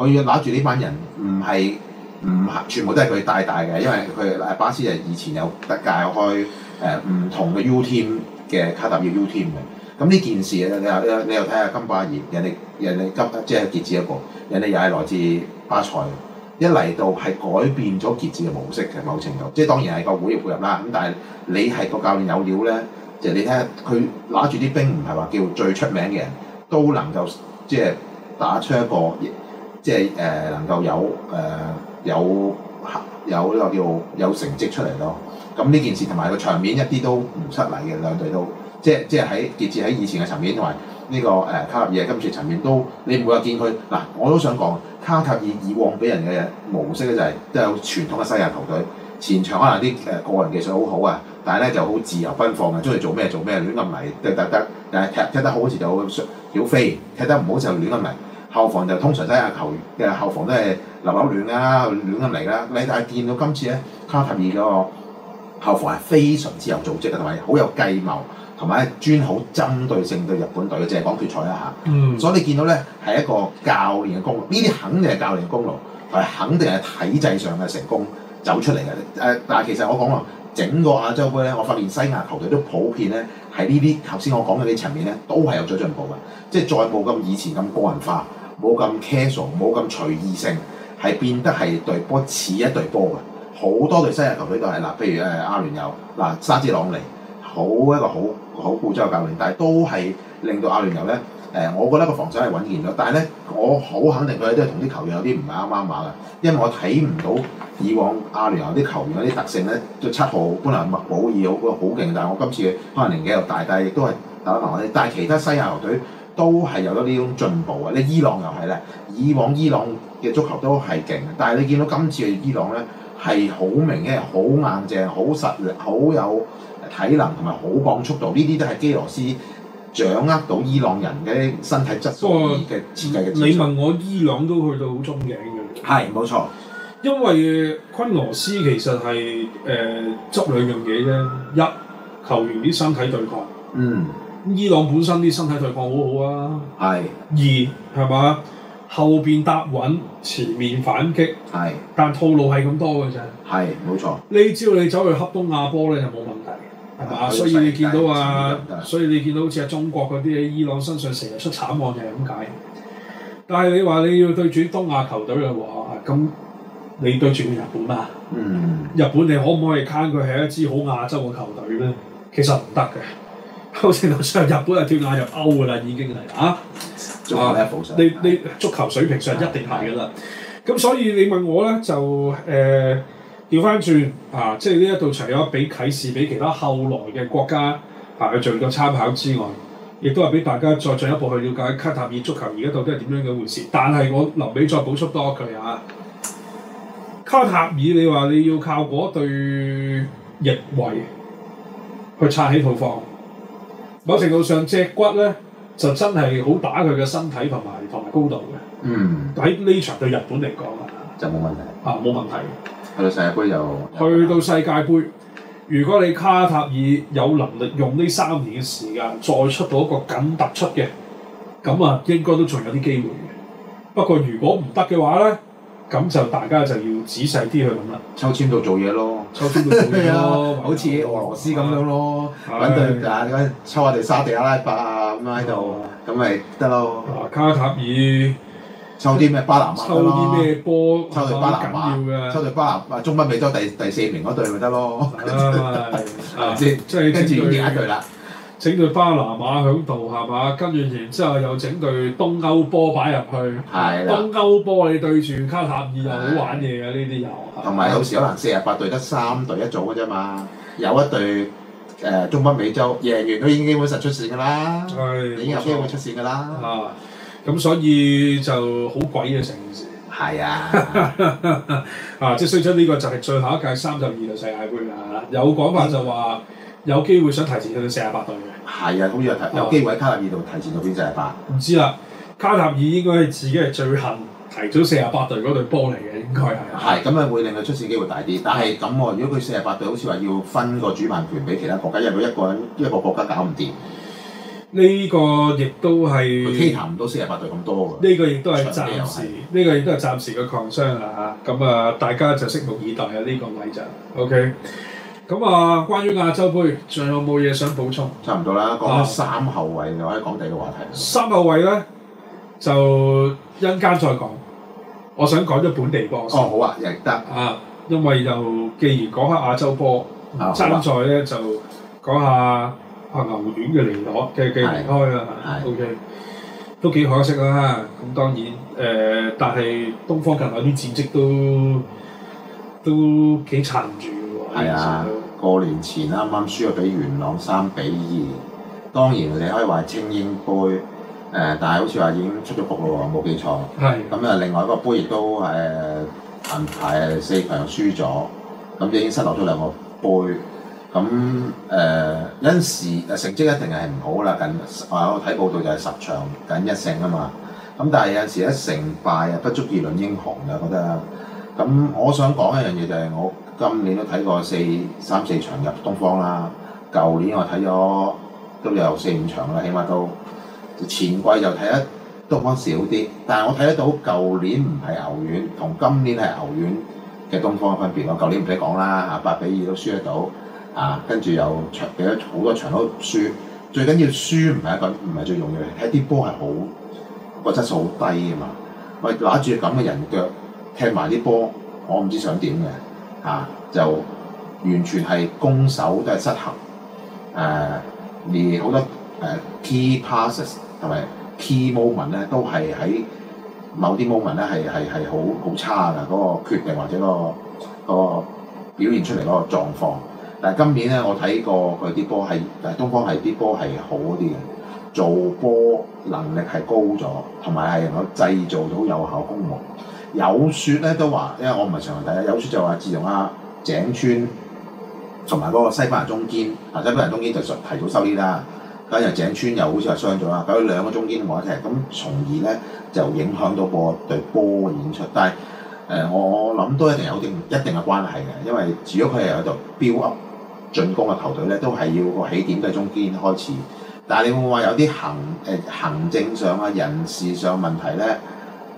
佢要揦住呢班人，唔係唔係全部都係佢帶大嘅，因為佢巴斯係以前有得界開誒唔、呃、同嘅 U team 嘅卡納爾 U team 嘅。咁呢件事你，你又你又睇下金巴爾，人哋人哋金即係傑志一個，人哋又係來自巴塞，一嚟到係改變咗傑志嘅模式嘅某程度，即係當然係個會嘅配合啦。咁但係你係個教練有料咧。就你睇下，佢拿住啲兵唔係話叫最出名嘅人，都能夠即係打出一個，即係誒、呃、能夠有誒、呃、有有呢個叫有成績出嚟咯。咁呢件事同埋個場面一啲都唔失禮嘅，兩隊都即係即係喺傑志喺以前嘅層面同埋呢個誒、呃、卡塔爾今次層面都，你每日見佢嗱，我都想講卡塔爾以往俾人嘅模式咧就係、是、都有傳統嘅西亞球隊。前場可能啲誒個人技術好好啊，但係咧就好自由奔放啊，中意做咩做咩，亂咁嚟，得得得，但係踢踢得好似就咁上，要飛；踢得唔好就亂咁嚟。後防就通常都係球嘅後防都係流流亂啦，亂咁嚟啦。你但係見到今次咧，卡塔爾個後防係非常之有組織啊，同埋好有計謀，同埋專好針對性對日本隊嘅，淨係講決賽啦嚇。嗯。所以你見到咧係一個教練嘅功勞，呢啲肯定係教練嘅功勞，係肯定係體制上嘅成功。走出嚟嘅，誒、呃，但係其實我講話整個亞洲盃咧，我發現西亞球隊都普遍咧喺呢啲頭先我講嘅呢層面咧，都係有咗進步嘅，即係再冇咁以前咁個人化，冇咁 casual，冇咁隨意性，係變得係隊波似一隊波嘅，好多隊西亞球隊都係，嗱，譬如誒、呃、阿聯酋，嗱沙治朗尼，好一個好好固執嘅教練，但係都係令到阿聯酋咧。誒，我覺得個防守係穩健咗，但係咧，我好肯定佢哋都係同啲球員有啲唔係啱啱話嘅，因為我睇唔到以往阿聯酋啲球員嗰啲特性咧，就七號本來麥保爾好，好勁，但係我今次可能年紀又大，但係亦都係打得唔好啲。但係其他西亞球隊都係有咗呢種進步啊！你伊朗又係咧，以往伊朗嘅足球都係勁，但係你見到今次嘅伊朗咧係好明嘅，好硬淨，好實力，好有體能同埋好磅速度，呢啲都係基羅斯。掌握到伊朗人嘅身體質素嘅設計，你問我伊朗都去到好中景嘅。係冇錯，錯。因為昆羅斯其實係誒執兩樣嘢啫，一球員啲身體對抗，嗯，伊朗本身啲身體對抗好好啊。係是。二係嘛，後邊搭穩，前面反擊。係是。但套路係咁多嘅啫。係冇錯。呢只要你，你走去恰東亞波咧就冇問題。啊！所以你見到啊，是所以你見到，啊啊、到好似喺中國嗰啲伊朗身上成日出慘案，就係咁解。但係你話你要對住東亞球隊嘅話，咁你對住日本啊？嗯。日本你可唔可以 count 佢係一支好亞洲嘅球隊咧？嗯、其實唔得嘅。好似頭上日本係跳亞入歐嘅啦，已經係啊。哇、啊啊！你你足球水平上一定係嘅啦。咁、嗯、所以你問我咧，就誒。呃調翻轉啊！即係呢一度除咗俾啟示，俾其他後來嘅國家啊去做個參考之外，亦都係俾大家再進一步去了解卡塔爾足球而家到底係點樣嘅回事。但係我臨尾再補充多一句啊！卡塔爾，你話你要靠嗰對翼位去撐起套房，某程度上隻骨咧就真係好打佢嘅身體同埋同埋高度嘅。嗯，喺呢場對日本嚟講、嗯、啊，就冇問題啊，冇問題。啊去到世界杯，又，去到世界盃，如果你卡塔爾有能力用呢三年嘅時間再出到一個咁突出嘅，咁啊應該都仲有啲機會嘅。不過如果唔得嘅話咧，咁就大家就要仔細啲去諗啦。抽籤度做嘢咯，抽籤度做嘢咯，好似、 嗯、俄羅斯咁樣咯，揾隊啊！抽下啲沙地阿拉伯啊咁喺度，咁咪得咯。卡塔爾。抽啲咩巴拿馬咯，抽啲咩波，抽對巴拿馬，抽對巴拿誒中北美洲第第四名嗰對咪得咯，係，即係整對，整對巴拿馬響度係嘛，跟住然之後又整對東歐波擺入去，係，東歐波你對住卡塔爾又好玩嘢嘅呢啲又。同埋有時可能四十八隊得三隊一組嘅啫嘛，有一隊誒中北美洲贏完都已經基本實出線㗎啦，已經有機會出線㗎啦。咁所以就好鬼嘅、啊、成件事，係啊， 啊即係雖則呢個就係最後一屆三十二隊世界盃啦，有講法就話有機會想提前去到四十八隊嘅，係啊，咁樣有機會喺卡塔爾度提前到邊四十八？唔、嗯、知啦，卡塔爾應該自己係最恨提早四十八隊嗰隊波嚟嘅，應該係。係咁啊，會令佢出事機會大啲。但係咁喎，如果佢四十八隊好似話要分個主辦權俾其他國家，有冇一個人，一個，人一個國家搞唔掂？呢個亦都係佢傾談唔到四十八隊咁多㗎。呢個亦都係暫時，呢個亦都係暫時嘅擴張啦嚇。咁啊，大家就拭目以待啊！呢個位就 OK。咁啊，關於亞洲盃，仲有冇嘢想補充？差唔多啦，講三後衞又可以講第二個話題。三後衞咧就一陣間再講。我想講咗本地波。哦，好啊，亦得啊，因為就既然講下亞洲波爭賽咧，就講下。牛丸嘅離開嘅嘅離開啊，OK，都幾可惜啦。咁當然誒、呃，但係東方近來啲戰績都都幾殘住喎。啊的，過年前啱啱輸咗俾元朗三比二。當然你可以話係精英杯誒、呃，但係好似話已經出咗局啦喎，冇記錯。係的。咁啊，另外一個杯亦都誒銀牌四強又輸咗，咁已經失落咗兩個杯。咁、呃、有陣時誒成績一定係唔好啦，近話我睇報道就係十場僅一勝啊嘛。咁但係有陣時一成敗啊不足以論英雄啊，覺得。咁我想講一樣嘢就係、是、我今年都睇過四三四場入東方啦。舊年我睇咗都有四五場啦，起碼都前季就睇得東方少啲。但係我睇得到舊年唔係牛丸，同今年係牛丸嘅東方嘅分別，我舊年唔使講啦，嚇八比二都輸得到。啊，跟住有場俾好多場都輸，最緊要輸唔係一個唔係最重要嘅，係啲波係好個質素好低啊嘛！喂，攞住咁嘅人腳踢埋啲波，我唔知想點嘅嚇，就完全係攻守都係失衡，誒而好多誒、啊、key passes 同埋 key moment 咧都係喺某啲 moment 咧係係係好好差㗎，嗰個決定或者嗰個嗰個表現出嚟嗰個狀況。但今年咧，我睇過佢啲波係，但係東方係啲波係好啲嘅，做波能力係高咗，同埋係能夠製造到有效攻防。有説咧都話，因為我唔係常常睇有説就話，自從啊，井川同埋嗰個西班牙中堅，啊西班牙中堅就提早收啲啦，加上井川又好似話傷咗啦，搞到兩個中堅都冇得踢，咁從而咧就影響到個隊波嘅演出。但係誒、呃，我我諗都一定有定一定嘅關係嘅，因為除咗佢又喺度標進攻嘅球隊咧，都係要個起點都係中堅開始。但係你會唔會話有啲行誒、呃、行政上啊人事上問題咧，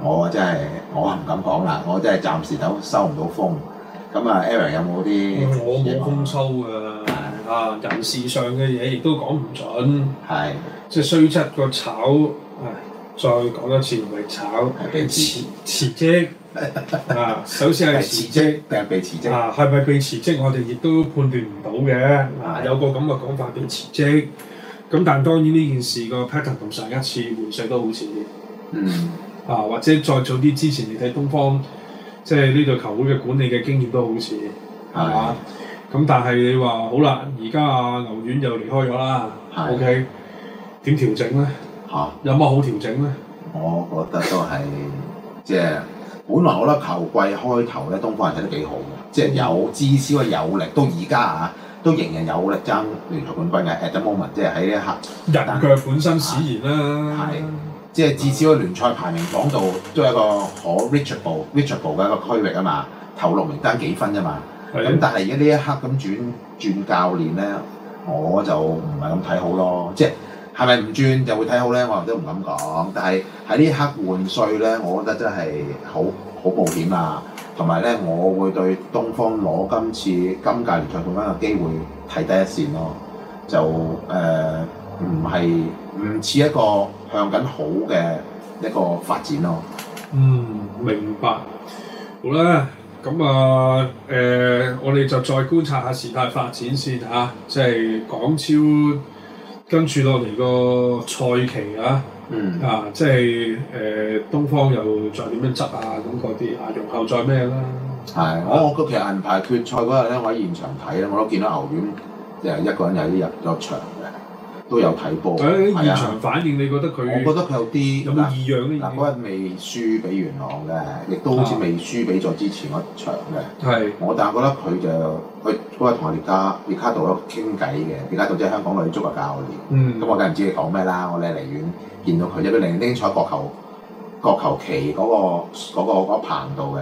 我真係我唔敢講啦。我真係暫時都收唔到風。咁啊 Aaron 有冇啲、嗯？我冇我風騷啊，啊人事上嘅嘢亦都講唔準。係即係衰質個炒，炒啊！再講多次唔係炒，係俾人辭辭職。啊！首先係辭職，定係被辭職？啊，係咪被辭職？我哋亦都判斷唔到嘅。啊，有個咁嘅講法叫辭職。咁但係當然呢件事個 pattern 同上一次換帥都好似。嗯。啊，或者再早啲之前，你睇東方即係呢隊球會嘅管理嘅經驗都好似。係。係嘛？咁但係你話好啦，而家阿牛遠又離開咗啦。O K。點調整呢？嚇！有乜好調整呢？我覺得都係即係。本來我覺得球季開頭咧，東方人睇得幾好嘅，嗯、即係有至少係有力。到而家啊，都仍然有力爭聯賽冠軍嘅 at the moment，即係喺呢一刻。人佢本身使然啦、啊啊，即係至少喺聯賽排名榜度都係一個可 reachable 的、reachable 嘅一個區域啊嘛。頭六名爭幾分啫嘛。咁的但係而家呢一刻咁轉轉教練咧，我就唔係咁睇好咯，即係。係咪唔轉就會睇好呢？我都唔敢講。但係喺呢一刻換帥呢，我覺得真係好好冒險啊！同埋呢，我會對東方攞今次今屆聯賽冠軍嘅機會睇低一線咯。就誒，唔係唔似一個向緊好嘅一個發展咯。嗯，明白。好啦，咁啊誒、呃，我哋就再觀察下事態發展先嚇，即係港超。跟住落嚟個賽期，嗯、啊，啊即係誒、呃、東方又再點樣執啊，咁嗰啲啊，然後再咩啦？係的，嗯、我個其實銀牌決賽嗰日咧，我喺現場睇咧，我都見到牛丸誒一個人又啲入咗場。都有睇波，係啊！啊現場反應，你覺得佢？我覺得佢有啲有冇異樣，嗱嗰日未輸俾元朗嘅，亦都好似未輸俾咗之前嗰場嘅。係、就是。我但係覺得佢就佢嗰日同阿列卡列卡度傾偈嘅，列卡度即係香港女足嘅教練。咁我梗唔知佢講咩啦，我咧離遠見到佢，因為佢拎拎坐喺角球角球旗嗰個嗰個嗰棚度嘅，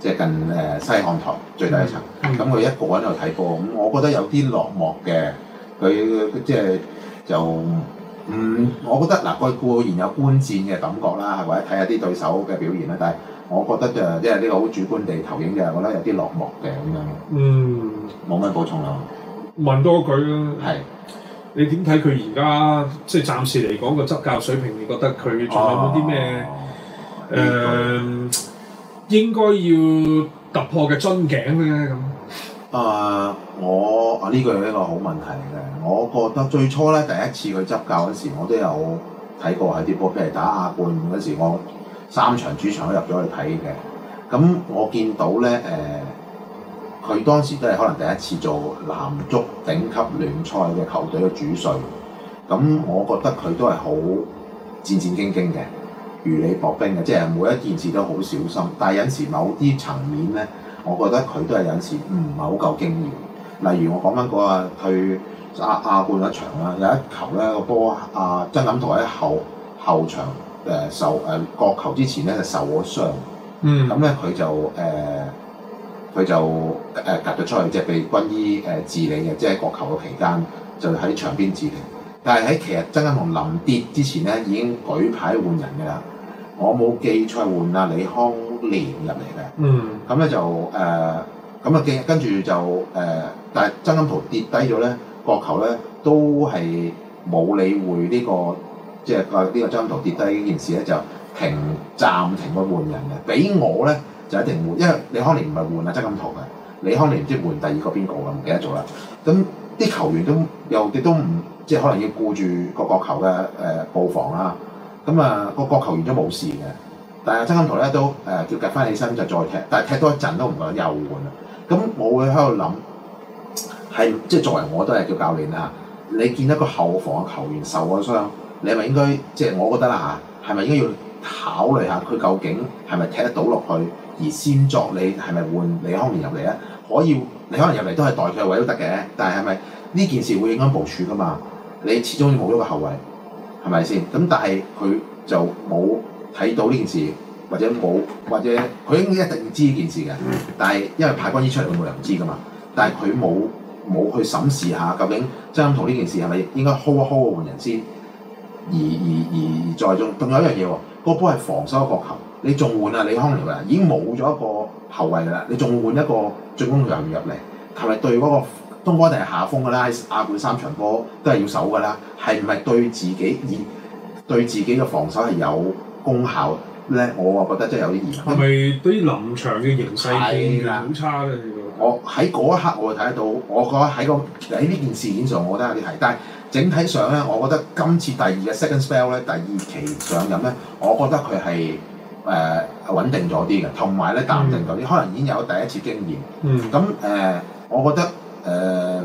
即係近誒西漢台最底一層。嗯。咁佢一個人喺度睇波，咁我覺得有啲落寞嘅，佢即係。就嗯，我覺得嗱，佢、呃、固然有觀戰嘅感覺啦，或者睇下啲對手嘅表現啦，但係我覺得就即係呢個好主觀地投影嘅，我覺得有啲落寞嘅咁樣。嗯，冇乜補充啦。問多佢。係是。你點睇佢而家即係暫時嚟講個執教水平？你覺得佢仲有冇啲咩誒應該、呃、要突破嘅樽頸咧？咁？啊！Uh, 我啊呢個係一個好問題嚟嘅，我覺得最初咧第一次去執教嗰時，我都有睇過喺啲波，譬如打亞冠嗰時，我三場主場都入咗去睇嘅。咁我見到咧誒，佢、呃、當時都係可能第一次做男足頂級聯賽嘅球隊嘅主帥。咁我覺得佢都係好戰戰兢兢嘅，如履薄冰嘅，即係每一件事都好小心。但係有時某啲層面咧。我覺得佢都係有陣時唔係好夠經驗。例如我講緊嗰個去亞亞冠一場啦，有一球咧、那個波，阿、啊、曾蔭棠喺後後場誒、呃、受誒過、呃、球之前咧受咗傷。嗯，咁咧佢就誒佢、呃、就誒、呃、隔咗出去，即、就、係、是、被軍醫誒治理嘅，即係過球嘅期間就喺場邊治理。但係喺其實曾蔭棠臨跌之前咧已經舉牌換人㗎啦。我冇記錯換阿李康。連入嚟嘅，咁咧、嗯、就誒，咁啊跟跟住就誒、呃，但係曾金圖跌低咗咧，國球咧都係冇理會呢、這個，即、就、係、是、個呢個曾金圖跌低呢件事咧，就停暫停咗換人嘅。俾我咧就一定換，因為李康年唔係換啊曾金圖嘅，李康年唔知換第二個邊個㗎，唔記得咗啦。咁啲球員都又亦都唔，即係可能要顧住個國球嘅誒布防啦。咁、那、啊個國球員都冇事嘅。但係曾金圖咧都誒、呃、叫夾翻起身就再踢，但係踢多一陣都唔夠又換啦。咁我會喺度諗係即係作為我都係叫教練啊。你見到一個後防嘅球員受咗傷，你係咪應該即係我覺得啦嚇？係咪應該要考慮下佢究竟係咪踢得到落去，而先作你係咪換李康年入嚟咧？可以你可能入嚟都係代佢位都得嘅，但係係咪呢件事會影響部署噶嘛？你始終要冇咗個後衞係咪先？咁但係佢就冇。睇到呢件事或者冇或者佢應該一定要知呢件事嘅，嗯、但係因為派軍醫出嚟，佢冇人知噶嘛。但係佢冇冇去審視下究竟陣圖呢件事係咪應該 hold 一 hold 換人先，而而而，而再在仲有一樣嘢喎，個波係防守一個球，你仲換啊李康寧啊，已經冇咗一個後衞㗎啦，你仲換一個進攻洋洋洋球員入嚟。頭日對嗰個東波定係下風㗎啦，亞冠三場波都係要守㗎啦，係唔係對自己而對自己嘅防守係有？功效咧，我啊覺得真係有啲疑惑。係咪啲臨場嘅形勢差好差啦呢，我喺嗰一刻我會睇到，我覺得喺、個喺呢件事件上，我覺得有啲係。但係整體上咧，我覺得今次第二嘅 second spell 咧，第二期上任咧，我覺得佢係誒穩定咗啲嘅，同埋咧淡定咗啲。嗯、可能已經有第一次經驗。咁誒、嗯呃，我覺得誒、呃、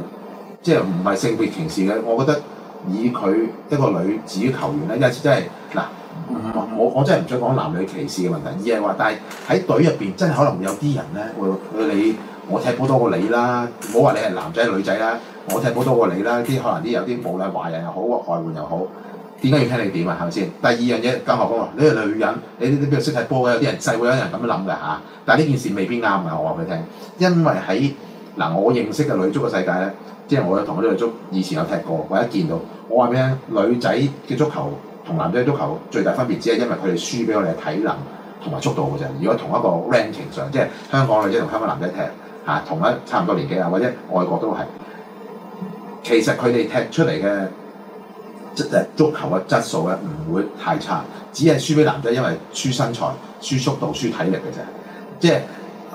即係唔係性別歧視嘅？我覺得以佢一個女子球員咧，一次真係嗱。Mm hmm. 我我真係唔想講男女歧視嘅問題，而係話，但係喺隊入邊真係可能有啲人咧，會你我踢波多過你啦，唔好話你係男仔女仔啦，我踢波多過你啦，啲可能啲有啲無論華人又好外援又好，點解要聽你點啊？係咪先？第二樣嘢，更何況話：你係女人，你你邊度識踢波嘅？有啲人細會有人咁樣諗嘅。嚇。但係呢件事未必啱啊！我話畀你聽，因為喺嗱我認識嘅女足嘅世界咧，即係我有同嗰啲女足以前有踢過，我一見到我話咩？女仔嘅足球。同男仔足球最大分別只係因為佢哋輸俾我哋嘅體能同埋速度嘅啫。如果同一個 ranking 上，即係香港女仔同香港男仔踢吓，同一差唔多年紀啊，或者外國都係，其實佢哋踢出嚟嘅即係足球嘅質素咧唔會太差，只係輸俾男仔，因為輸身材、輸速度、輸體力嘅啫。即係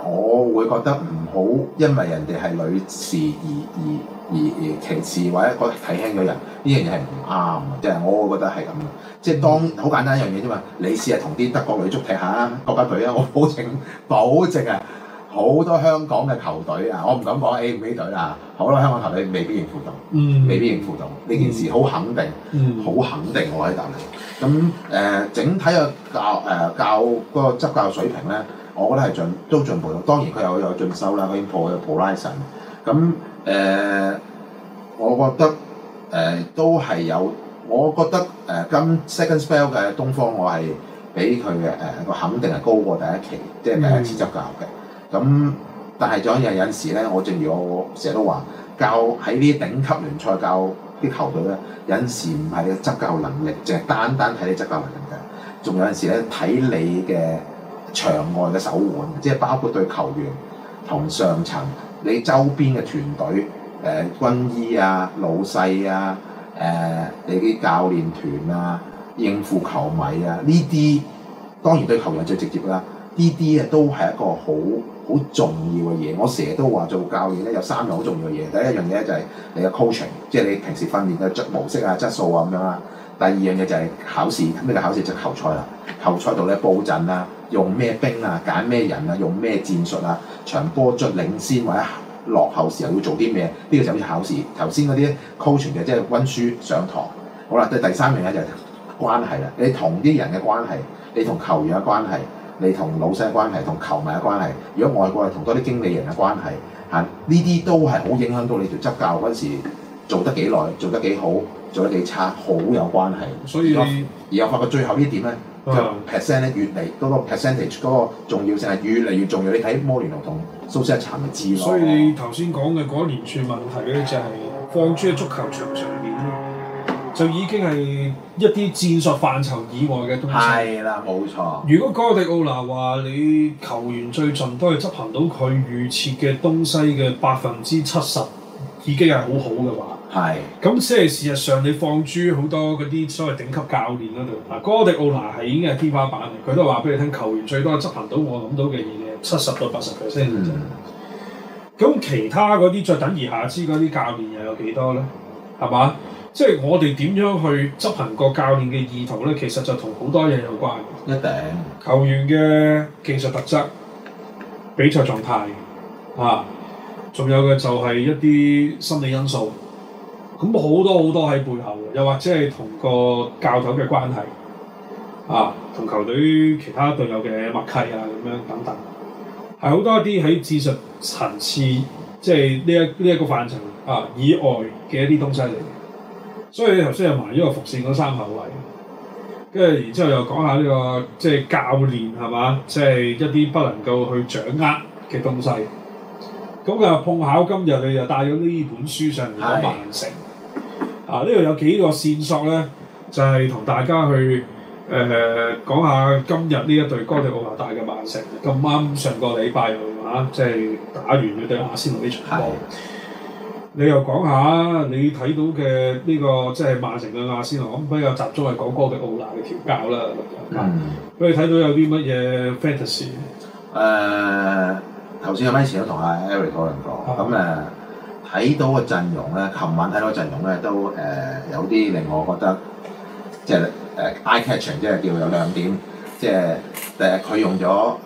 我會覺得唔好，因為人哋係女士而而。而而其次或者覺得睇輕咗人呢樣嘢係唔啱，即係我覺得係咁嘅，即係當好簡單一樣嘢啫嘛。你試下同啲德國女足踢下啊，國家隊啊，我保證保證啊，好多香港嘅球隊啊，我唔敢講 A 唔 A 隊啦。好多香港球隊未必應付到，嗯、未必應付到呢件事好肯定，好、嗯、肯定我喺度。咁誒、呃，整體嘅教誒、呃、教嗰、嗰個執教水平咧，我覺得係進都進步咗。當然佢又有進修啦，佢已經破咗破拉神咁。誒、呃，我覺得誒、呃、都係有，我覺得誒今、呃、second spell 嘅東方我係比佢嘅誒個肯定係高過第一期，即係第一次執教嘅。咁、嗯、但係仲有一樣有時咧，我正如我成日都話，教喺啲頂級聯賽教啲球隊咧，有時唔係你嘅執教能力，淨係單單睇你執教能力嘅，仲有陣時咧睇你嘅場外嘅手腕，即係包括對球員同上層，你周邊嘅團隊，誒、呃、軍醫啊、老細啊、誒、呃、你啲教練團啊、應付球迷啊，呢啲當然對球員最直接啦。呢啲咧都係一個好好重要嘅嘢。我成日都話做教練咧有三樣好重要嘅嘢，第一樣嘢就係你嘅 coaching，即係你平時訓練嘅模式啊、質素啊咁樣啦。第二樣嘢就係考試，咩叫考試？就係球賽啦。球賽度咧布陣啦，用咩兵啊，揀咩人啊，用咩戰術啊，場波追領先或者落後時候要做啲咩？呢、這個就好似考試。頭先嗰啲 coach 即係温書上堂。好啦，即第三樣嘢就係關係啦。你同啲人嘅關係，你同球員嘅關係，你同老細嘅關係，同球迷嘅關係。如果外國係同多啲經理人嘅關係，嚇呢啲都係好影響到你做執教嗰陣時做得幾耐，做得幾好。做得幾差，好有關係。所以而我發覺最後呢一點咧、嗯、percent 咧越嚟嗰個 percentage 嗰個重要性係越嚟越重要。你睇摩連奴同蘇斯係層次咯。所以你頭先講嘅嗰連串問題咧、就是，就係放喺足球場上面咧，就已經係一啲戰術範疇以外嘅東西。係啦，冇錯。如果哥迪奧拿話你球員最盡都係執行到佢預設嘅東西嘅百分之七十，已經係好好嘅話。係，咁即係事實上，你放諸好多嗰啲所謂頂級教練嗰度，嗱，哥迪奧拿係已經係天花板，佢都話俾你聽，球員最多執行到我諗到嘅嘢嘅，七十到八十 percent 嘅啫。咁、嗯、其他嗰啲再等而下之嗰啲教練又有幾多咧？係嘛？即係我哋點樣去執行個教練嘅意圖咧？其實就同好多嘢有關。一定麼。球員嘅技術特質、比賽狀態啊，仲有嘅就係一啲心理因素。咁好多好多喺背後嘅，又或者係同個教頭嘅關係啊，同球隊其他隊友嘅默契啊，咁樣等等，係好多一啲喺技術層次，即係呢一呢一個範疇啊以外嘅一啲東西嚟嘅。所以你頭先又埋咗個伏線，嗰三後衞，跟住然之後又講下呢個即係教練係嘛，即係、就是、一啲不能夠去掌握嘅東西。咁啊碰巧今日你又帶咗呢本書上嚟講曼城。啊！呢度有幾個線索咧，就係、是、同大家去誒、呃、講下今日呢一隊哥迪奧拿大嘅曼城。咁啱上個禮拜嚇、啊，即係打完佢對阿仙奴呢場波。的你又講下你睇到嘅呢、這個即係曼城嘅阿仙奴。咁比較集中係講哥迪奧拿嘅調教啦。嚇、嗯，俾、啊、你睇到有啲乜嘢 fantasy？誒、呃，頭先阿 Michael 都同阿 Eric 講緊講，咁誒、啊。嗯嗯。睇到個陣容咧，琴晚睇到個陣容咧都誒有啲令我覺得即係誒 eye catching，即係叫有亮點。即係誒佢用咗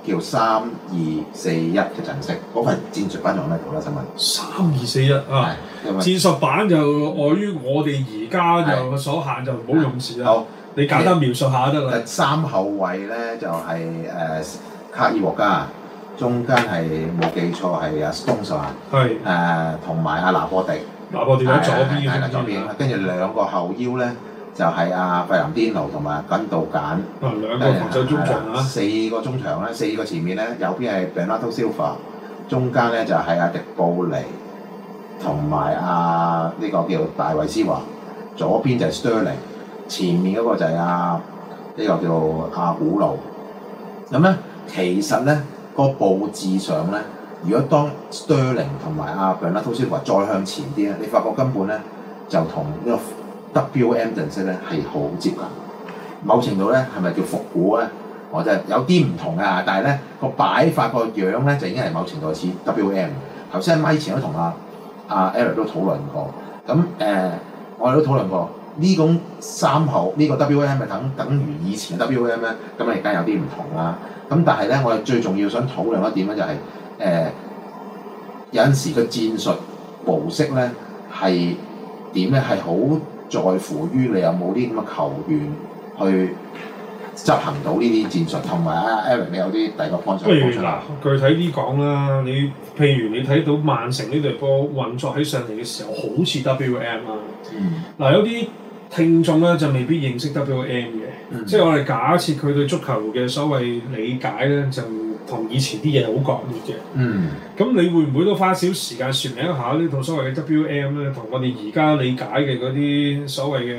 叫三二四一嘅陣式，嗰份戰術版用咩好咧？新聞三二四一啊，戰術版就礙於我哋而家就所限就唔好用詞啦。好，你簡單描述下得啦。三後衞咧就係誒卡爾沃加。中間係冇記錯係阿史東斯是、呃、啊，係，誒同埋阿拿波迪，拿波迪喺左邊嘅左邊邊，跟住兩個後腰咧就係阿費蘭甸奴同埋緊道簡，啊兩個防中場四個中場咧，啊、四個前面咧右邊係 Bernardo Silva 中間咧就係阿、啊、迪布尼同埋阿呢個叫大衛斯華，左邊就係 Sterling 前面嗰個就係阿呢個叫阿古路，咁咧其實咧。這個個佈置上咧，如果當 Sterling 同埋阿 Bernardo Silva 啊，頭先話再向前啲咧，你發覺根本咧就同呢個 WM 陣式咧係好接近。某程度咧係咪叫復古咧？或者有啲唔同啊？但係咧個擺法個樣咧就已經係某程度似 WM。頭先阿 Michael 都同阿啊 Eric 都討論過。咁誒、呃，我哋都討論過。呢個三號呢、這個 WM 咪等等於以前嘅 WM 咧，咁啊而家有啲唔同啦。咁但係咧，我哋最重要想討論一點咧、就是，就係誒有陣時個戰術模式咧係點咧，係好在乎於你有冇啲咁嘅球員去執行到呢啲戰術，同埋啊，Aaron 你有啲第二個方？不如嗱具體啲講啦，你譬如你睇到曼城呢隊波運作起上嚟嘅時候，好似 WM 啊，嗱有啲。聽眾咧就未必認識 WM 嘅，嗯、即係我哋假設佢對足球嘅所謂理解咧，就同以前啲嘢好割裂嘅。嗯，咁你會唔會都花少時間説明一下呢套所謂嘅 WM 咧，同我哋而家理解嘅嗰啲所謂嘅誒、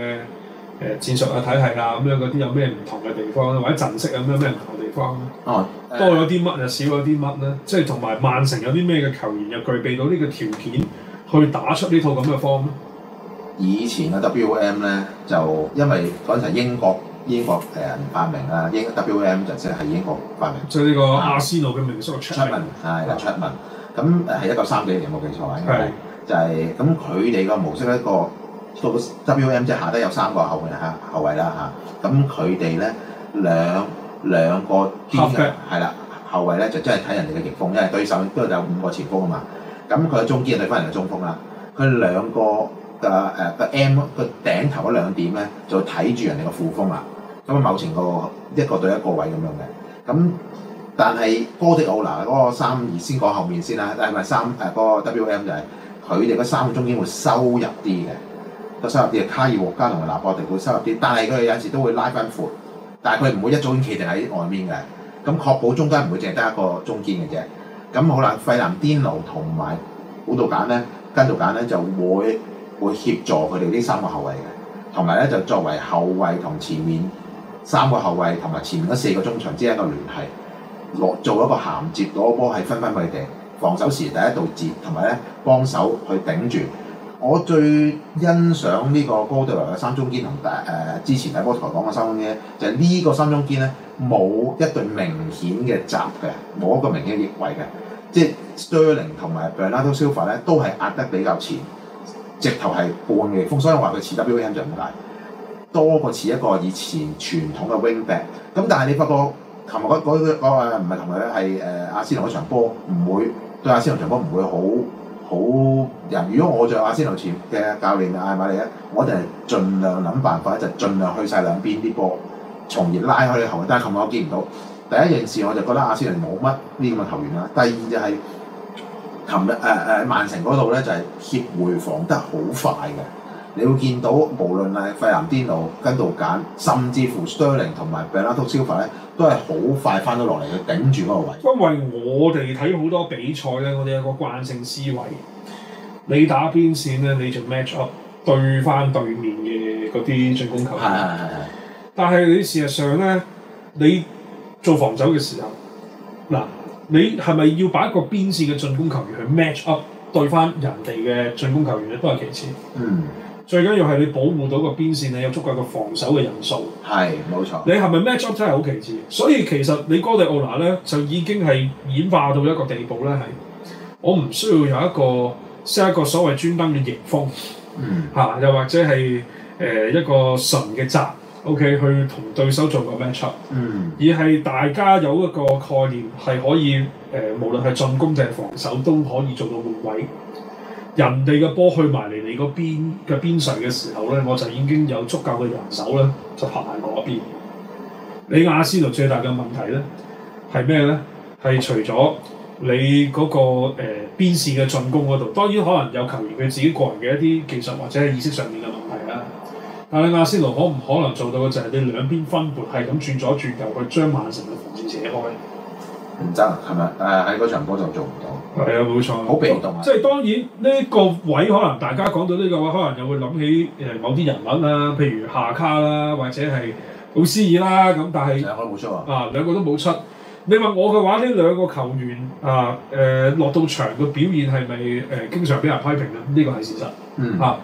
呃、戰術嘅體系啊咁樣嗰啲有咩唔同嘅地方咧，或者陣式有咩咩唔同嘅地方咧？啊、多咗啲乜又少咗啲乜咧？即係同埋曼城有啲咩嘅球員又具備到呢個條件去打出呢套咁嘅方？以前嘅 WM 咧就因為嗰陣時英國英國誒發明啦，英 WM 就即係英國發明，即係呢個阿斯諾嘅名宿 Chapman，係啦 Chapman，咁誒係一九三幾年冇記錯啊，應該就係咁佢哋個模式一個，個 WM 即係下低有三個後衞嚇後衞啦嚇，咁佢哋咧兩兩個肩嘅係啦後衞面咧就真係睇人哋嘅翼鋒，因為對手都有五個前鋒啊嘛，咁佢嘅中堅對翻人嘅中鋒啦，佢兩個。誒誒個 M 個頂頭嗰兩點咧，就睇住人哋個副鋒啦。咁啊，某程度一個對一個位咁樣嘅。咁但係哥迪奧拿嗰個三二，先講後面先啦。但係咪三誒個 WM 就係佢哋嗰三個中間會收入啲嘅，個收入啲嘅卡爾沃加同埋拿破迪會收入啲。但係佢哋有陣時都會拉翻闊，但係佢唔會一早已經企定喺外面嘅。咁確保中間唔會淨係得一個中間嘅啫。咁好啦，費蘭甸奴同埋古道簡咧，跟道簡咧就會。會協助佢哋呢三個後衞嘅，同埋咧就作為後衞同前面三個後衞同埋前面嗰四個中場之間嘅聯繫，攞做一個銜接，攞波係分分俾佢哋。防守時第一度接，同埋咧幫手去頂住。我最欣賞呢個高隊來嘅三中堅同大誒之前喺波台講嘅三中堅，就係、是、呢個三中堅咧冇一對明顯嘅閘嘅，冇一個明顯嘅翼位嘅，即係 Sterling 同埋 Bernardo Silva 咧都係壓得比較前。直頭係半嘅鋒，所以我話佢似 WM 就咁解，多過似一個以前傳統嘅 wing back。咁但係你發覺琴日嗰個唔係琴日咧，係、那、誒、個哦呃、阿仙奴嗰場波唔會對阿仙奴場波唔會好好人。如果我做阿仙奴前嘅教練啊，艾馬利咧？我一定係盡量諗辦法，就盡、是、量去晒兩邊啲波，從而拉開啲後衛。但係琴日我見唔到。第一件事我就覺得阿仙奴冇乜呢咁嘅球員啦。第二就係、是。琴日誒誒曼城嗰度咧就係協會防得好快嘅，你會見到無論係費南迪奴、跟度簡，甚至乎 Sterling 同埋 Bernardo Silva 咧，都係好快翻到落嚟去頂住嗰個位。因為我哋睇好多比賽咧，我哋有個慣性思維，你打邊線咧，你就 match up 對翻對面嘅嗰啲進攻球員。係係係係。但係你事實上咧，你做防守嘅時候。你係咪要把一個邊線嘅進攻球員去 match up 對翻人哋嘅進攻球員咧？都係其次。嗯。最緊要係你保護到個邊線，你有足夠嘅防守嘅人數。係，冇錯。你係咪 match up 真係好其次？所以其實你哥弟奧拿咧，就已經係演化到一個地步咧，係我唔需要有一個即 e 一個所謂專登嘅迎風，嗯，嚇、啊，又或者係誒、呃、一個純嘅集。O.K. 去同對手做個 matchup，嗯、而係大家有一個概念係可以誒、呃，無論係進攻定係防守都可以做到換位。人哋嘅波去埋嚟你嗰邊嘅邊上嘅時，時候咧，我就已經有足夠嘅人手咧，就拍埋嗰邊。你阿仙奴最大嘅問題咧係咩咧？係除咗你嗰、那個誒、呃、邊線嘅進攻嗰度，當然可能有球員佢自己個人嘅一啲技術或者係意識上面嘅問題啦。但係阿仙奴可唔可能做到嘅就係、是、你兩邊分撥係咁轉左轉右去將曼城嘅防線扯開？唔得係咪？但誒喺嗰場波就做唔到。係啊，冇錯。好被動啊！即係當然呢、這個位可能大家講到呢個話，可能又會諗起誒某啲人物啦，譬如夏卡啦，或者係奧斯爾啦咁。但係兩開冇出啊！啊，兩個都冇出。你問我嘅話，呢兩個球員啊，誒、呃、落到場嘅表現係咪誒經常俾人批評咧？呢、這個係事實。嗯。吓、啊。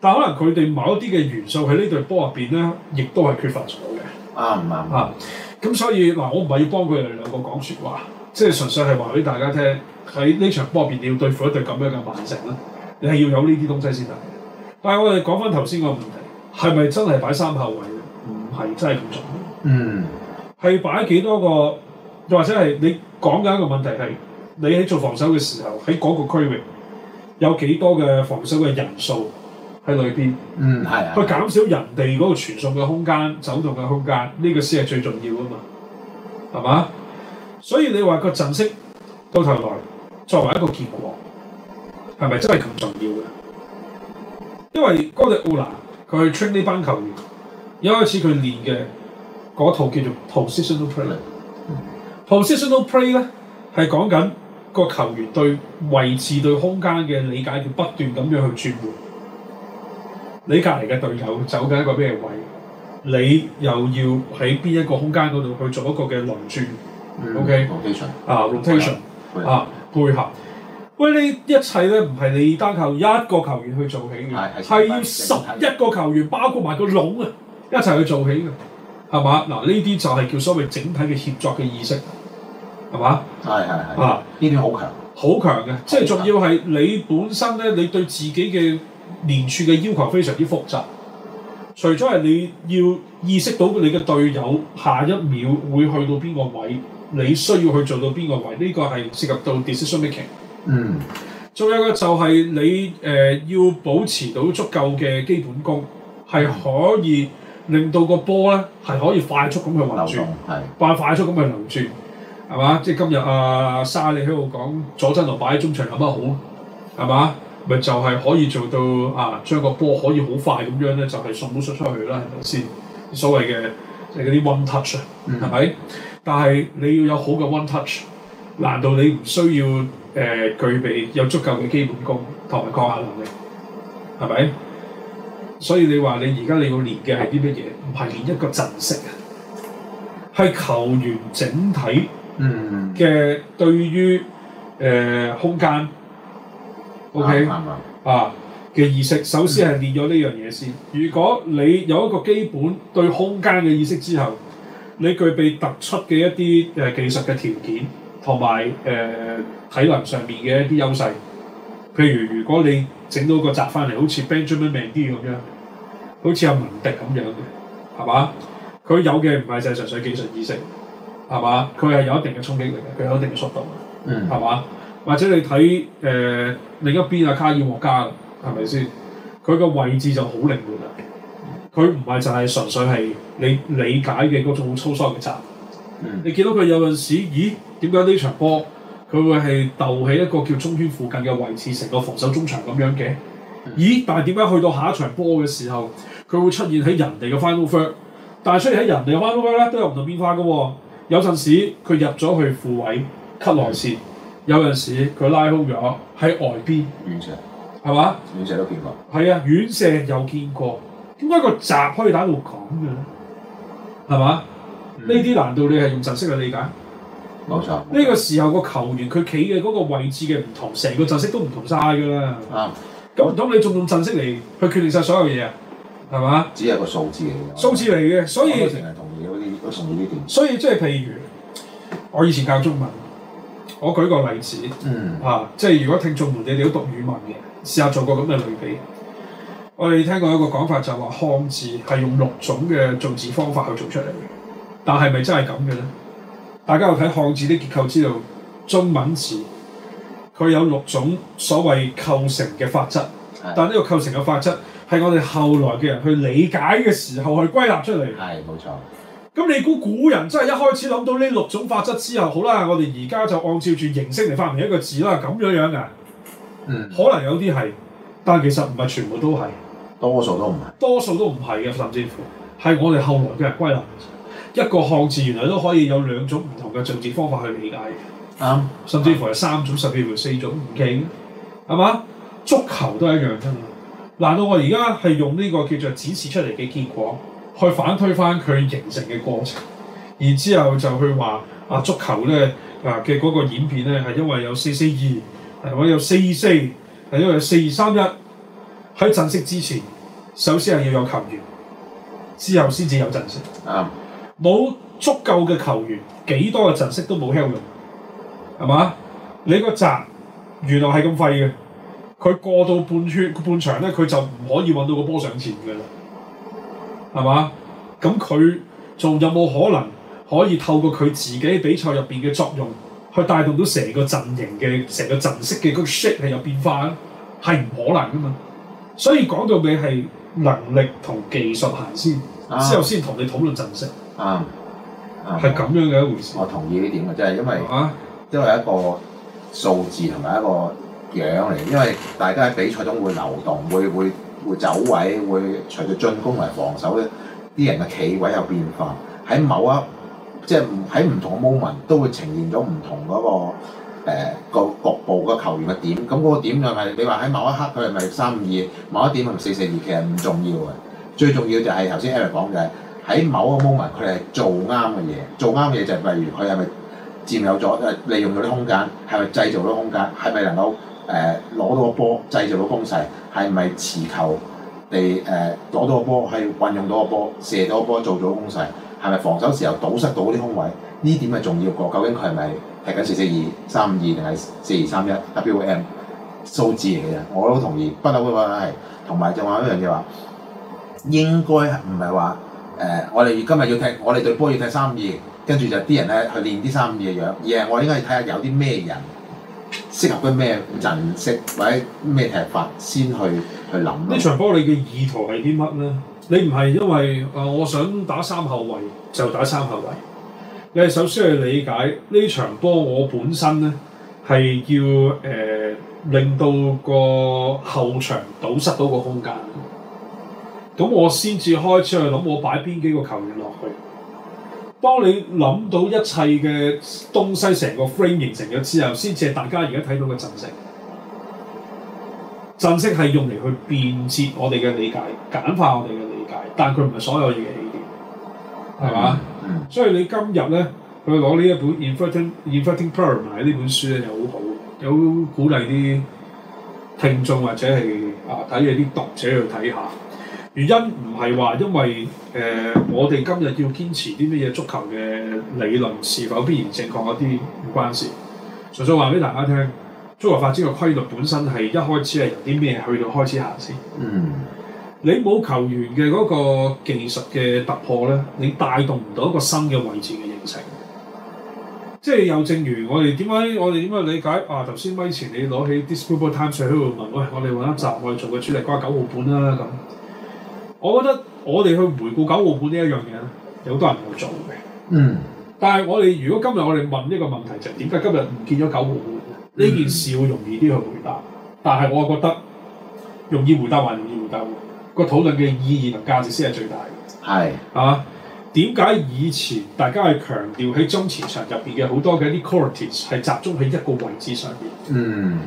但可能佢哋某一啲嘅元素喺呢隊波入邊咧，亦都係缺乏咗嘅。啱唔啱啊？咁所以嗱，我唔係要幫佢哋兩個講説話，即係純粹係話俾大家聽，喺呢場波入邊你要對付一隊咁樣嘅曼城咧，你係要有呢啲東西先得。但係我哋講翻頭先個問題，係咪真係擺三後衞？唔係真係咁重要。嗯。係擺幾多個？又或者係你講緊一個問題係你喺做防守嘅時候，喺嗰個區域有幾多嘅防守嘅人數？喺裏邊，嗯係啊，去減少人哋嗰個傳送嘅空間、走動嘅空間，呢、這個先係最重要啊嘛，係嘛？所以你話個陣式到頭來作為一個結果，係咪真係咁重要嘅？因為哥迪奧拿佢去 train 呢班球員，一開始佢練嘅嗰套叫做 positional play positional play 咧係講緊個球員對位置、維持對空間嘅理解，要不斷咁樣去轉換。你隔離嘅隊友走緊一個咩位，你又要喺邊一個空間嗰度去做一個嘅輪轉、嗯，OK？Rotation、嗯、啊，rotation、嗯、啊，配合。喂，呢一切咧唔係你單靠一個球員去做起嘅，係要十一個球員包括埋個籠起起啊，一齊去做起嘅，係嘛？嗱，呢啲就係叫所謂整體嘅協作嘅意識，係嘛？係係係啊，呢啲好，好強，好強嘅，即係仲要係你本身咧，你對自己嘅。連串嘅要求非常之複雜，除咗係你要意識到你嘅隊友下一秒會去到邊個位，你需要去做到邊個位，呢、這個係涉及到 decision making。嗯，仲有一個就係你誒、呃、要保持到足夠嘅基本功，係可以令到個波咧係可以快速咁去流轉，係，快快速咁去流轉，係嘛？即係今日阿、呃、沙裏喺度講左側度擺喺中場有乜好咯，係嘛？咪就係可以做到啊！將個波可以好快咁樣咧，就係、是、送到出出去啦，係咪先？所謂嘅即係嗰啲 one touch 啊，係咪、mm？Hmm. 但係你要有好嘅 one touch，難道你唔需要誒、呃、具備有足夠嘅基本功同埋抗壓能力，係咪？所以你話你而家你要練嘅係啲乜嘢？唔係練一個陣式啊，係球員整體嘅對於誒、呃、空間。O.K. 啊嘅意識，首先係練咗呢樣嘢先。如果你有一個基本對空間嘅意識之後，你具備突出嘅一啲誒技術嘅條件，同埋誒體能上面嘅一啲優勢。譬如如果你整到個閘翻嚟，好似 Benjamin Mendy 咁樣，好似阿文迪咁樣嘅，係嘛？佢有嘅唔係就係純粹技術意識，係嘛？佢係有一定嘅衝擊力，佢有一定嘅速度，係嘛？或者你睇誒、呃、另一邊啊卡爾莫加啦，係咪先？佢個位置就好靈活啊！佢唔係就係純粹係你理解嘅嗰種粗疏嘅站。嗯、你見到佢有陣時，咦？點解呢場波佢會係竇起一個叫中圈附近嘅位置，成個防守中場咁樣嘅？咦！但係點解去到下一場波嘅時候，佢會出現喺人哋嘅 final third，但係雖然喺人哋嘅 final third 咧都有唔同變化嘅喎、哦，有陣時佢入咗去副位 cut 內線。嗯有陣時佢拉空咗喺外邊，遠射係嘛？遠射都見過，係啊，遠射又見過。點解個閘可以打到咁嘅咧？係嘛？呢啲難道你係用陣式去理解？冇錯。呢個時候個球員佢企嘅嗰個位置嘅唔同，成個陣式都唔同晒㗎啦。啱。咁唔通你仲用陣式嚟去決定晒所有嘢啊？係嘛？只係個數字嚟嘅，數字嚟嘅，所以我成日同意嗰啲我同意呢段。所以即係譬如，我以前教中文。我舉個例子，嗯、啊，即係如果聽眾們你哋都讀語文嘅，試下做個咁嘅類比。我哋聽過一個講法就話漢字係用六種嘅造字方法去做出嚟嘅，但係咪真係咁嘅咧？大家有睇漢字啲結構知道，中文字佢有六種所謂構成嘅法則，但係呢個構成嘅法則係我哋後來嘅人去理解嘅時候去歸納出嚟。係冇錯。咁你估古人真係一開始諗到呢六種法則之後，好啦，我哋而家就按照住形式嚟發明一個字啦，咁樣樣嘅、啊，嗯，可能有啲係，但其實唔係全部都係，多數都唔係，多數都唔係嘅，甚至乎係我哋後來嘅歸納，嗯、一個漢字原來都可以有兩種唔同嘅詮釋方法去理解嘅，啱、嗯，甚至乎係三種、甚至乎、四種意境，係嘛？足球都係一樣㗎嘛，難道我而家係用呢個叫做展示出嚟嘅結果，去反推翻佢形成嘅過程，然之後就去話啊足球咧啊嘅嗰個演變咧，係因為有四四二，係咪？有四二四，係因為有四二三一？喺陣式之前首先係要有球員，之後先至有陣式。啱冇？、嗯、足夠嘅球員，幾多嘅陣式都冇 help 用，係嘛？你個閘原來係咁廢嘅，佢過到半圈半場咧，佢就唔可以揾到個波上前㗎啦。係嘛？咁佢仲有冇可能可以透過佢自己比賽入邊嘅作用，去帶動到成個陣型嘅成個陣式嘅嗰個 shape 係有變化咧？係唔可能噶嘛？所以講到尾係能力同技術行先，啊、之後先同你討論陣式。啱、啊，係、啊、咁樣嘅一回事。我同意呢點嘅，即係因為，因為、啊、一個數字同埋一個樣嚟，因為大家喺比賽中會流動，會會。會走位，會隨住進攻嚟防守咧。啲人嘅企位有變化，喺某一即係喺唔同嘅 moment 都會呈現咗唔同嗰、那個誒、呃、局部個球員嘅點。咁、那、嗰個點又、就、係、是、你話喺某一刻佢係咪三五二，是是 3, 5, 2, 某一點係咪四四二？其實唔重要嘅。最重要就係頭先 Alex 講就係喺某一個 moment 佢係做啱嘅嘢，做啱嘅嘢就係、是、例如佢係咪佔有咗誒利用咗啲空間，係咪製造咗空間，係咪能夠？誒攞到個波，製造到攻勢，係咪持球你誒攞到個波，係運用到個波，射到個波，做咗攻勢，係咪防守時候堵塞到嗰啲空位？呢點係重要過，究竟佢係咪踢緊四四二三五二定係四二三一？W M 數字嚟嘅，我都同意。不嬲嘅話係，同埋就話一樣嘢話，應該唔係話誒，我哋今日要踢，我哋對波要踢三五二，跟住就啲人咧去練啲三五二嘅樣嘢，我應該要睇下有啲咩人。適合啲咩陣式或者咩踢法先去去諗？呢場波你嘅意圖係啲乜呢？你唔係因為啊、呃，我想打三後衞就打三後衞。你係首先係理解呢場波，我本身呢係要誒、呃、令到個後場堵塞到個空間。咁我先至開始去諗，我擺邊幾個球員落去。當你諗到一切嘅東西，成個 frame 形成咗之後，先至係大家而家睇到嘅陣式。陣式係用嚟去便捷我哋嘅理解，簡化我哋嘅理解，但佢唔係所有嘢嘅起點，係嘛？Mm hmm. 所以你今日咧去攞呢一本《Inverting the Pyramid》呢本書咧，就好好，好鼓勵啲聽眾或者係啊睇嘢啲讀者去睇下。原因唔係話因為誒、呃，我哋今日要堅持啲咩嘢足球嘅理論是否必然正確，嗰啲唔關事。純粹話俾大家聽，足球發展嘅規律本身係一開始係由啲咩去到開始行先。嗯，你冇球員嘅嗰個技術嘅突破咧，你帶動唔到一個新嘅位置嘅形成。即係又正如我哋點解我哋點解理解啊？頭先咪前你攞起 Disputable Time 上喺度問，喂，我哋揾一集我哋做嘅主力瓜九號本啦、啊、咁。我覺得我哋去回顧九號半呢一樣嘢咧，有好多人去做嘅。嗯。但係我哋如果今日我哋問一個問題，就係點解今日唔見咗九號半呢件事會容易啲去回答。但係我覺得容易回答還容易回答喎，個討論嘅意義同價值先係最大嘅。係是。啊？點解以前大家係強調喺中前場入邊嘅好多嘅啲 qualities 係集中喺一個位置上邊？嗯。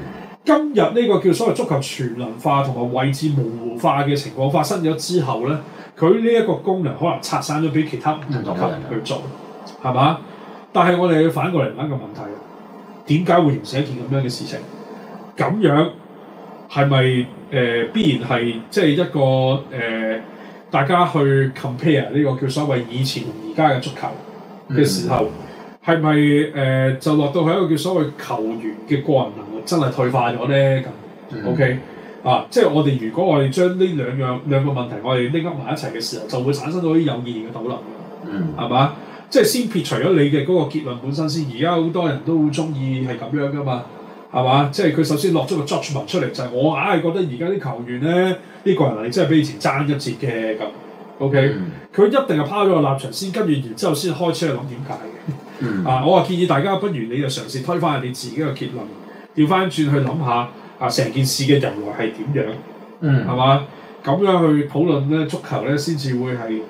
今日呢個叫所謂足球全能化同埋位置模糊化嘅情況發生咗之後呢，佢呢一個功能可能拆散咗俾其他唔同級去做，係嘛？但係我哋要反過嚟問一個問題：點解會形成一件咁樣嘅事情？咁樣係咪誒必然係即係一個誒、呃、大家去 compare 呢個叫所謂以前同而家嘅足球嘅時候？嗯嗯係咪誒就落到係一個叫所謂球員嘅個人能力真係退化咗咧？咁 OK、mm hmm. 啊，即係我哋如果我哋將呢兩樣兩個問題我哋拎噏埋一齊嘅時候，就會產生到啲有意義嘅討論嘅，係嘛、mm hmm.？即係先撇除咗你嘅嗰個結論本身，先而家好多人都好中意係咁樣噶嘛，係嘛？即係佢首先落咗個 judgement 出嚟，就係、是、我硬係覺得而家啲球員咧呢、這個人能力真係比以前爭一截嘅咁 OK，佢、mm hmm. 一定係拋咗個立場先，跟住然之後先開車去諗點解嘅。Hmm. 啊！我話建議大家，不如你就嘗試推翻你自己嘅結論，調翻轉去諗下啊，成件事嘅由來係點樣？嗯，係嘛？咁樣去討論咧，足球咧先至會係誒、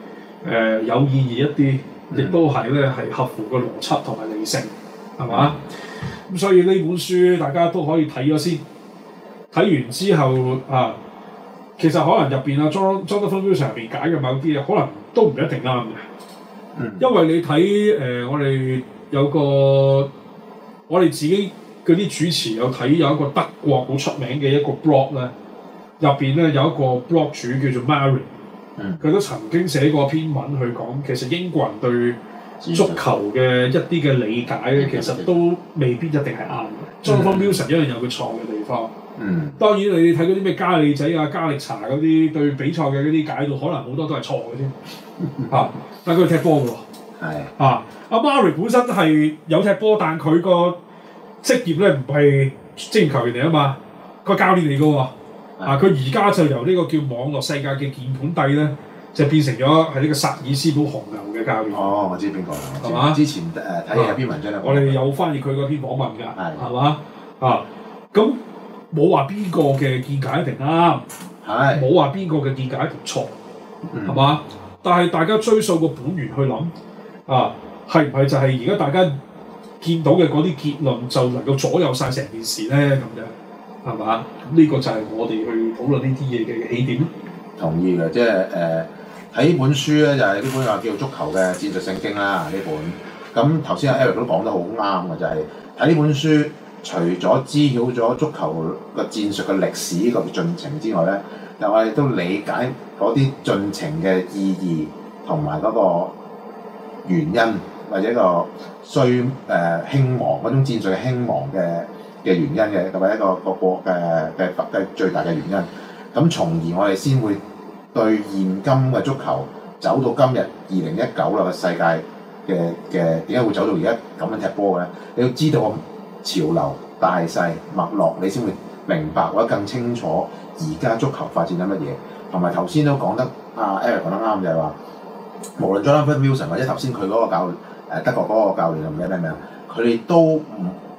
呃、有意義一啲，亦都係咧係合乎個邏輯同埋理性，係嘛？咁、嗯、所以呢本書大家都可以睇咗先，睇完之後啊，其實可能入邊啊，Jonathan Wilson 上入邊解嘅某啲嘢，可能都唔一定啱嘅。嗯、因為你睇誒、呃，我哋有個我哋自己嗰啲主持有睇有一個德國好出名嘅一個 blog 咧，入邊咧有一個 blog 主叫做 Mary，佢、嗯、都曾經寫過篇文去講，其實英國人對足球嘅一啲嘅理解咧，其實都未必一定係啱嘅。Jonathan、嗯、Wilson 一樣有佢錯嘅地方。嗯，當然你睇嗰啲咩加利仔啊、加力查嗰啲對比賽嘅嗰啲解讀，可能好多都係錯嘅啫。嚇！但佢踢波嘅喎，啊，阿 Mario 本身係有踢波，但佢個職業咧唔係職業球員嚟啊嘛，佢教練嚟嘅喎，啊，佢而家就由呢個叫網絡世界嘅鍵盤帝咧，就變成咗係呢個薩爾斯堡紅牛嘅教練。哦，我知邊個啦，係嘛？之前誒睇下篇文章咧，我哋有翻譯佢嗰篇訪問㗎，係嘛？啊，咁冇話邊個嘅見解一定啱，係冇話邊個嘅見解一定錯，係嘛？但係大家追溯個本源去諗，啊，係唔係就係而家大家見到嘅嗰啲結論，就能夠左右晒成件事咧咁樣，係嘛？咁呢個就係我哋去討論呢啲嘢嘅起點。同意嘅，即係誒睇本書咧，就係、係、呢本話叫《足球嘅戰術聖經》啦，呢本。咁頭先阿 Eric 都講得好啱嘅，就係睇呢本書，除咗知曉咗足球嘅戰術嘅歷史同進程之外咧。但我哋都理解嗰啲進程嘅意義同埋嗰個原因，或者個衰誒、呃、興亡嗰種戰術興亡嘅嘅原因嘅，同埋一個國個誒嘅最大嘅原因。咁從、呃、而我哋先會對現今嘅足球走到今日二零一九啦個世界嘅嘅點解會走到而家咁樣踢波嘅咧？你要知道個潮流大勢脈絡，你先會明白或者更清楚。而家足球發展緊乜嘢？同埋頭先都講得阿 Eric 講得啱，就係、是、話，無論 Jonathan Wilson 或者頭先佢嗰個教誒、呃、德國嗰個教練，唔知咩名，佢哋都唔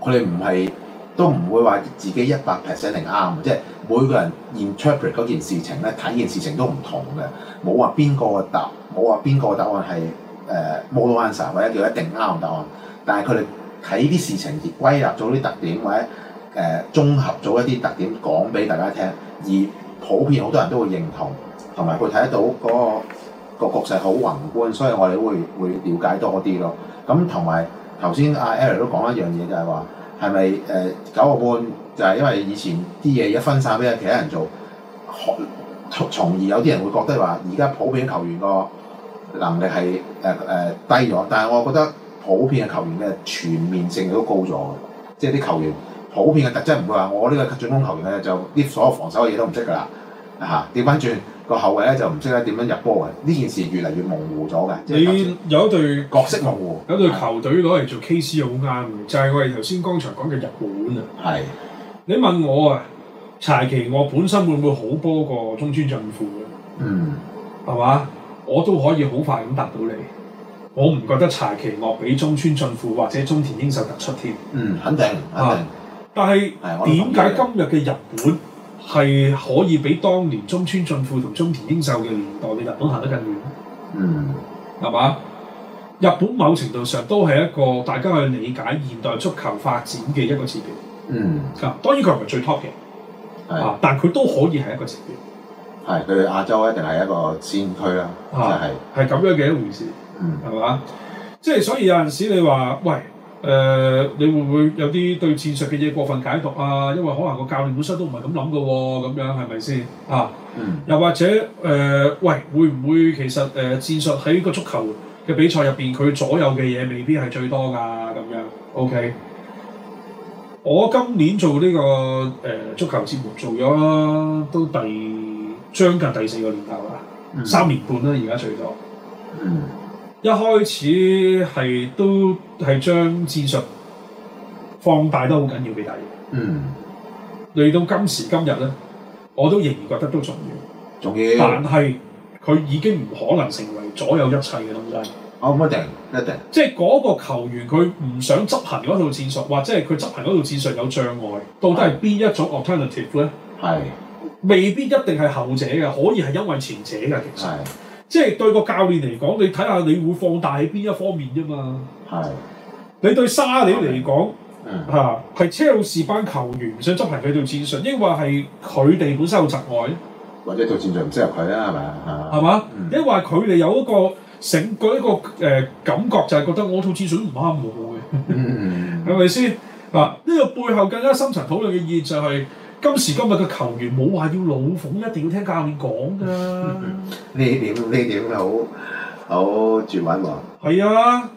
佢哋唔係都唔會話自己一百 percent 定啱，即係、就是、每個人 interpret 嗰件事情咧睇件事情都唔同嘅，冇話邊個答冇話邊個答案係誒、呃、model answer 或者叫一定啱答案，但係佢哋睇啲事情而歸納咗啲特點或者。誒綜合咗一啲特點講俾大家聽，而普遍好多人都會認同，同埋佢睇得到嗰個局勢好宏觀，所以我哋會會瞭解多啲咯。咁同埋頭先阿 Ellie 都講一樣嘢，就係話係咪誒九個半就係因為以前啲嘢一分散俾其他人做，從而有啲人會覺得話而家普遍球員個能力係誒誒低咗，但係我覺得普遍嘅球員嘅全面性都高咗，即係啲球員。普遍嘅特質唔會話我呢個進攻球員咧就啲所有防守嘅嘢都唔識㗎啦，嚇、啊！調翻轉個後衞咧就唔識咧點樣入波嘅，呢件事越嚟越模糊咗嘅。你、就是、有一隊角色模糊，有隊球隊攞嚟做 case 又好啱就係我哋頭先剛才講嘅日本啊。係的。你問我啊，柴崎岳本身會唔會好波過中村俊輔？嘅？嗯。係嘛？我都可以好快咁答到你。我唔覺得柴崎岳比中村俊輔或者中田英壽突出添。嗯，肯定，肯定。嗯。但係點解今日嘅日本係可以比當年中村俊輔同中田英壽嘅年代嘅日本行得更遠？嗯，係嘛？日本某程度上都係一個大家去理解現代足球發展嘅一個指標。嗯，啊，當然佢係咪最 top 嘅，係是、啊，但佢都可以係一個指標。係，佢亞洲一定係一個先驅啦，即係係咁樣嘅一回事，係嘛、嗯？即係所以有陣時你話喂。誒、呃，你會唔會有啲對戰術嘅嘢過分解讀啊？因為可能個教練本身都唔係咁諗嘅喎，咁樣係咪先啊？啊嗯、又或者誒、呃，喂，會唔會其實誒、呃、戰術喺個足球嘅比賽入邊，佢左右嘅嘢未必係最多噶？咁樣。O、okay. K、嗯。我今年做呢、這個誒、呃、足球節目做，做咗都第將近第四個年頭啦，嗯、三年半啦、啊，而家除咗。嗯一開始係都係將戰術放大得好緊要俾大家。嗯。嚟到今時今日咧，我都仍然覺得都重要。重要。但係佢已經唔可能成為左右一切嘅東西。啱唔啱定？啱唔啱定？即係嗰個球員佢唔想執行嗰套戰術，或者係佢執行嗰套戰術有障礙，到底係邊一種 alternative 咧？係。未必一定係後者嘅，可以係因為前者嘅，其實。即係對個教練嚟講，你睇下你會放大喺邊一方面啫嘛。係是，你對沙利嚟講嚇係車路士班球員想執行佢對戰術，抑或係佢哋本身有窒礙，或者對戰術唔適合佢啦，係咪啊？係嘛吧，因為佢哋有一個成嗰一個誒、呃、感覺，就係覺得我套戰術唔啱我嘅，係咪先啊？呢、這個背後更加深層討論嘅議題就係、是。今時今日嘅球員冇話要老奉，一定要聽教練講㗎。呢 點呢點好好絕品喎。係啊，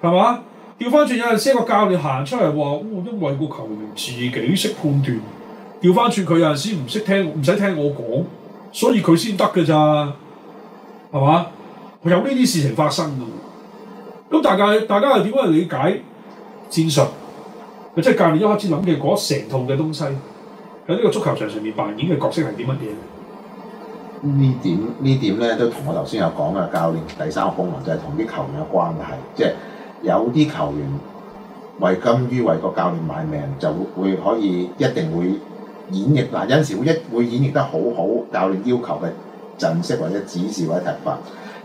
係嘛？調翻轉有陣時一個教練行出嚟話，哦，因為個球員自己識判斷。調翻轉佢有陣時唔識聽，唔使聽我講，所以佢先得㗎咋？係嘛？有呢啲事情發生㗎。咁大家大家係點樣去理解戰術？即係教練一開始諗嘅嗰成套嘅東西。喺呢個足球場上面扮演嘅角色係點乜嘢？呢點呢點咧都同我頭先有講嘅教練第三個功能，就係同啲球員嘅關係，即係有啲球員為甘於為個教練賣命，就會會可以一定會演繹嗱，有陣時會一會演繹得好好，教練要求嘅陣式或者指示或者踢法，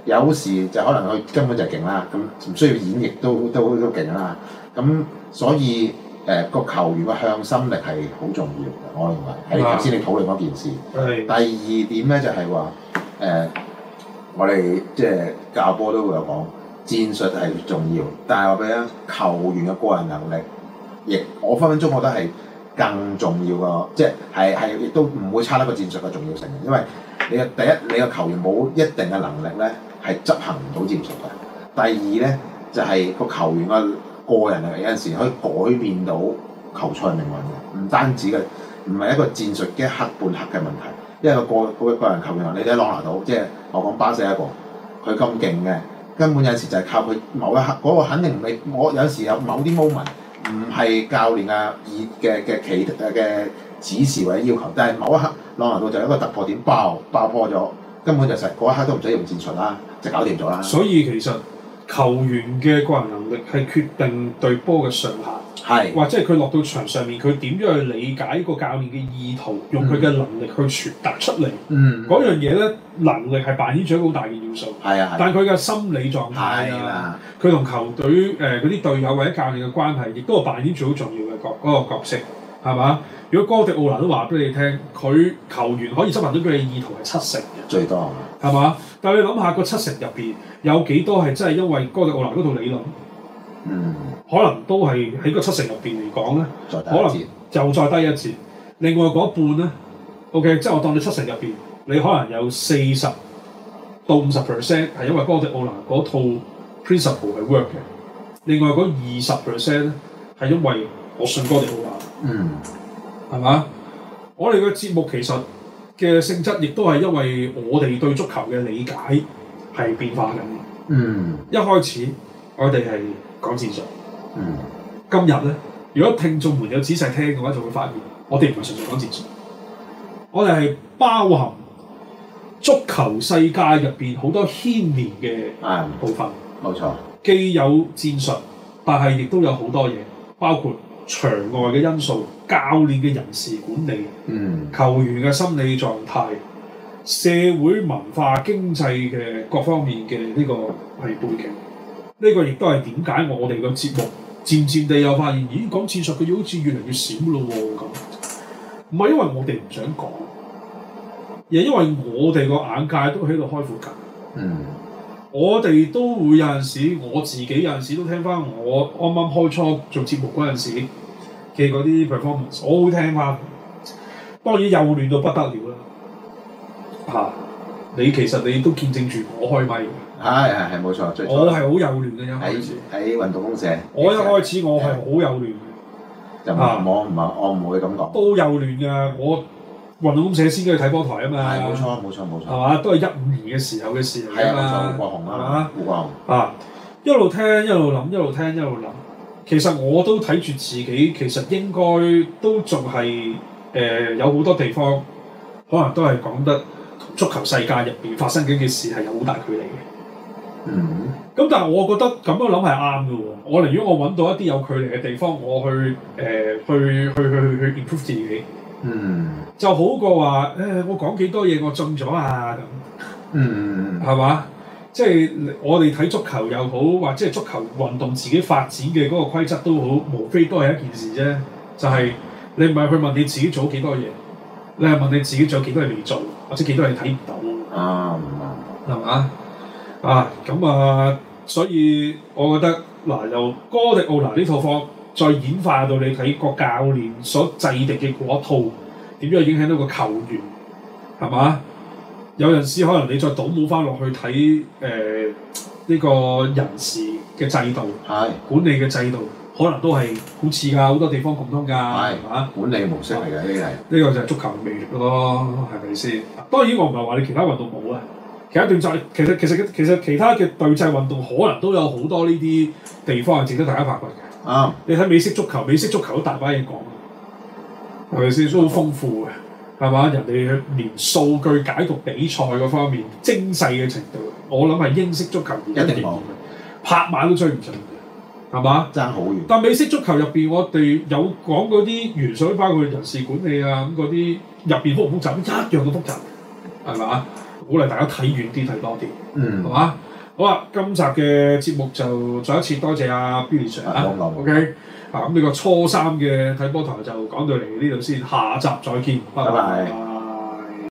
有時就可能佢根本就係勁啦，咁唔需要演繹都都都勁啦，咁所以。誒個球員嘅向心力係好重要嘅，我認為喺頭先你討論嗰件事。的第二點咧就係話誒，我哋即係教波都會有講戰術係重要，但係我覺得球員嘅個人能力，亦我分分鐘覺得係更重要嘅，即係係係亦都唔會差得個戰術嘅重要性。因為你嘅第一，你個球員冇一定嘅能力咧，係執行唔到戰術嘅。第二咧就係、是、個球員嘅。個人啊，有陣時可以改變到球賽命運嘅，唔單止嘅，唔係一個戰術嘅黑半黑嘅問題，因為個個個人球員你哋喺朗拿度，即係我講巴西一個，佢咁勁嘅，根本有陣時就係靠佢某一刻嗰、嗰個肯定唔係我有陣時有某啲 moment 唔係教練啊以嘅嘅嘅指示或者要求，但係某一刻朗拿度就一個突破點爆爆破咗，根本就係嗰一刻都唔使用，用戰術啦，就搞掂咗啦。所以其實。球員嘅個人能力係決定對波嘅上限，是或者係佢落到場上面，佢點樣去理解個教練嘅意圖，用佢嘅能力去傳達出嚟。嗰、嗯、樣嘢咧，能力係扮演咗一個好大嘅要素。啊啊、但係佢嘅心理狀態、啊，佢同、啊、球隊誒嗰啲隊友或者教練嘅關係，亦都係扮演咗好重要嘅角嗰角色。係嘛？如果哥迪奧拿都話俾你聽，佢球員可以執行到佢嘅意圖係七成嘅，最多，係嘛？但係你諗下個七成入邊有幾多係真係因為哥迪奧拿嗰套理論？嗯，可能都係喺個七成入邊嚟講咧，可能就再低一截。另外嗰半咧，OK，即係我當你七成入邊，你可能有四十到五十 percent 係因為哥迪奧拿嗰套 principle 係 work 嘅。另外嗰二十 percent 咧係因為我信哥迪奧拿。嗯，係嘛？我哋嘅節目其實嘅性質，亦都係因為我哋對足球嘅理解係變化緊嘅。嗯，一開始我哋係講戰術。嗯，今日咧，如果聽眾們有仔細聽嘅話，就會發現我哋唔係純粹講戰術，我哋係包含足球世界入邊好多牽連嘅部分。冇錯，嗯，冇錯，既有戰術，但係亦都有好多嘢，包括，場外嘅因素、教練嘅人事管理、嗯、球員嘅心理狀態、社會文化經濟嘅各方面嘅呢、這個係、這個、背景，呢、這個亦都係點解我哋個節目漸漸地又發現，咦、哎、講戰術嘅嘢好似越嚟越少咯喎。咁，唔係因為我哋唔想講，而係因為我哋個眼界都喺度開闊緊。嗯。我哋都會有陣時，我自己有陣時都聽翻我啱啱開初做節目嗰陣時嘅嗰啲 performance 好好聽翻。當然幼嫩到不得了啦，嚇、啊！你其實你都見證住我開咪。係係係冇錯，錯最我係好幼嫩嘅音。喺喺運動公社。我一開始我係好幼嫩。啊！我唔係我唔會咁講。都幼嫩㗎，我。運動公社先去睇波台啊嘛，冇錯冇錯冇錯，係嘛吧？錯都係一五年嘅時候嘅事嚟㗎嘛，係啊啊！一路聽一路諗，一路聽一路諗。其實我都睇住自己，其實應該都仲係誒有好多地方，可能都係講得足球世界入邊發生緊嘅事係有好大距離嘅。嗯哼。咁但係我覺得咁樣諗係啱㗎喎，我寧願我揾到一啲有距離嘅地方，我去誒、呃、去去去去 improve 自己。嗯，就好過話，誒，我講幾多嘢我盡咗啊咁，嗯，係嘛，即、就、係、是、我哋睇足球又好，或者足球運動自己發展嘅嗰個規則都好，無非都係一件事啫，就係、是、你唔係去問你自己做幾多嘢，你係問你自己做幾多嘢未做，或者幾多嘢睇唔到，啱、嗯、吧啊，係嘛，啊，咁啊，所以我覺得嗱、呃，由哥迪奧拿呢套貨。再演化到你睇個教練所制定嘅嗰一套點樣影響到個球員，係嘛？有陣時可能你再倒轉翻落去睇誒呢個人事嘅制度，係是管理嘅制度，可能都係好似㗎，好多地方共通㗎，係嘛是？吧管理模式嚟嘅呢啲係呢個就係足球嘅魅力咯，係咪先？當然我唔係話你其他運動冇啊，其他對制其實其實其實其他嘅對制運動可能都有好多呢啲地方係值得大家發掘嘅。啊！你睇美式足球，美式足球都大把嘢講，係咪先？都好豐富嘅，係嘛？人哋連數據解讀比賽嗰方面精細嘅程度，我諗係英式足球唔一定，一定拍馬都追唔上嘅，係嘛？爭好遠。但美式足球入邊，我哋有講嗰啲元素，包括人事管理啊，咁嗰啲入邊複唔複雜，一樣都複雜，係嘛？鼓勵大家睇遠啲，睇多啲，嗯，係嘛？好啦，啊，今集嘅節目就再一次多謝阿、啊、Billy、啊、Sir 啊林，OK，啊咁呢個初三嘅睇波台就講到嚟呢度先，下集再見，拜拜。拜拜。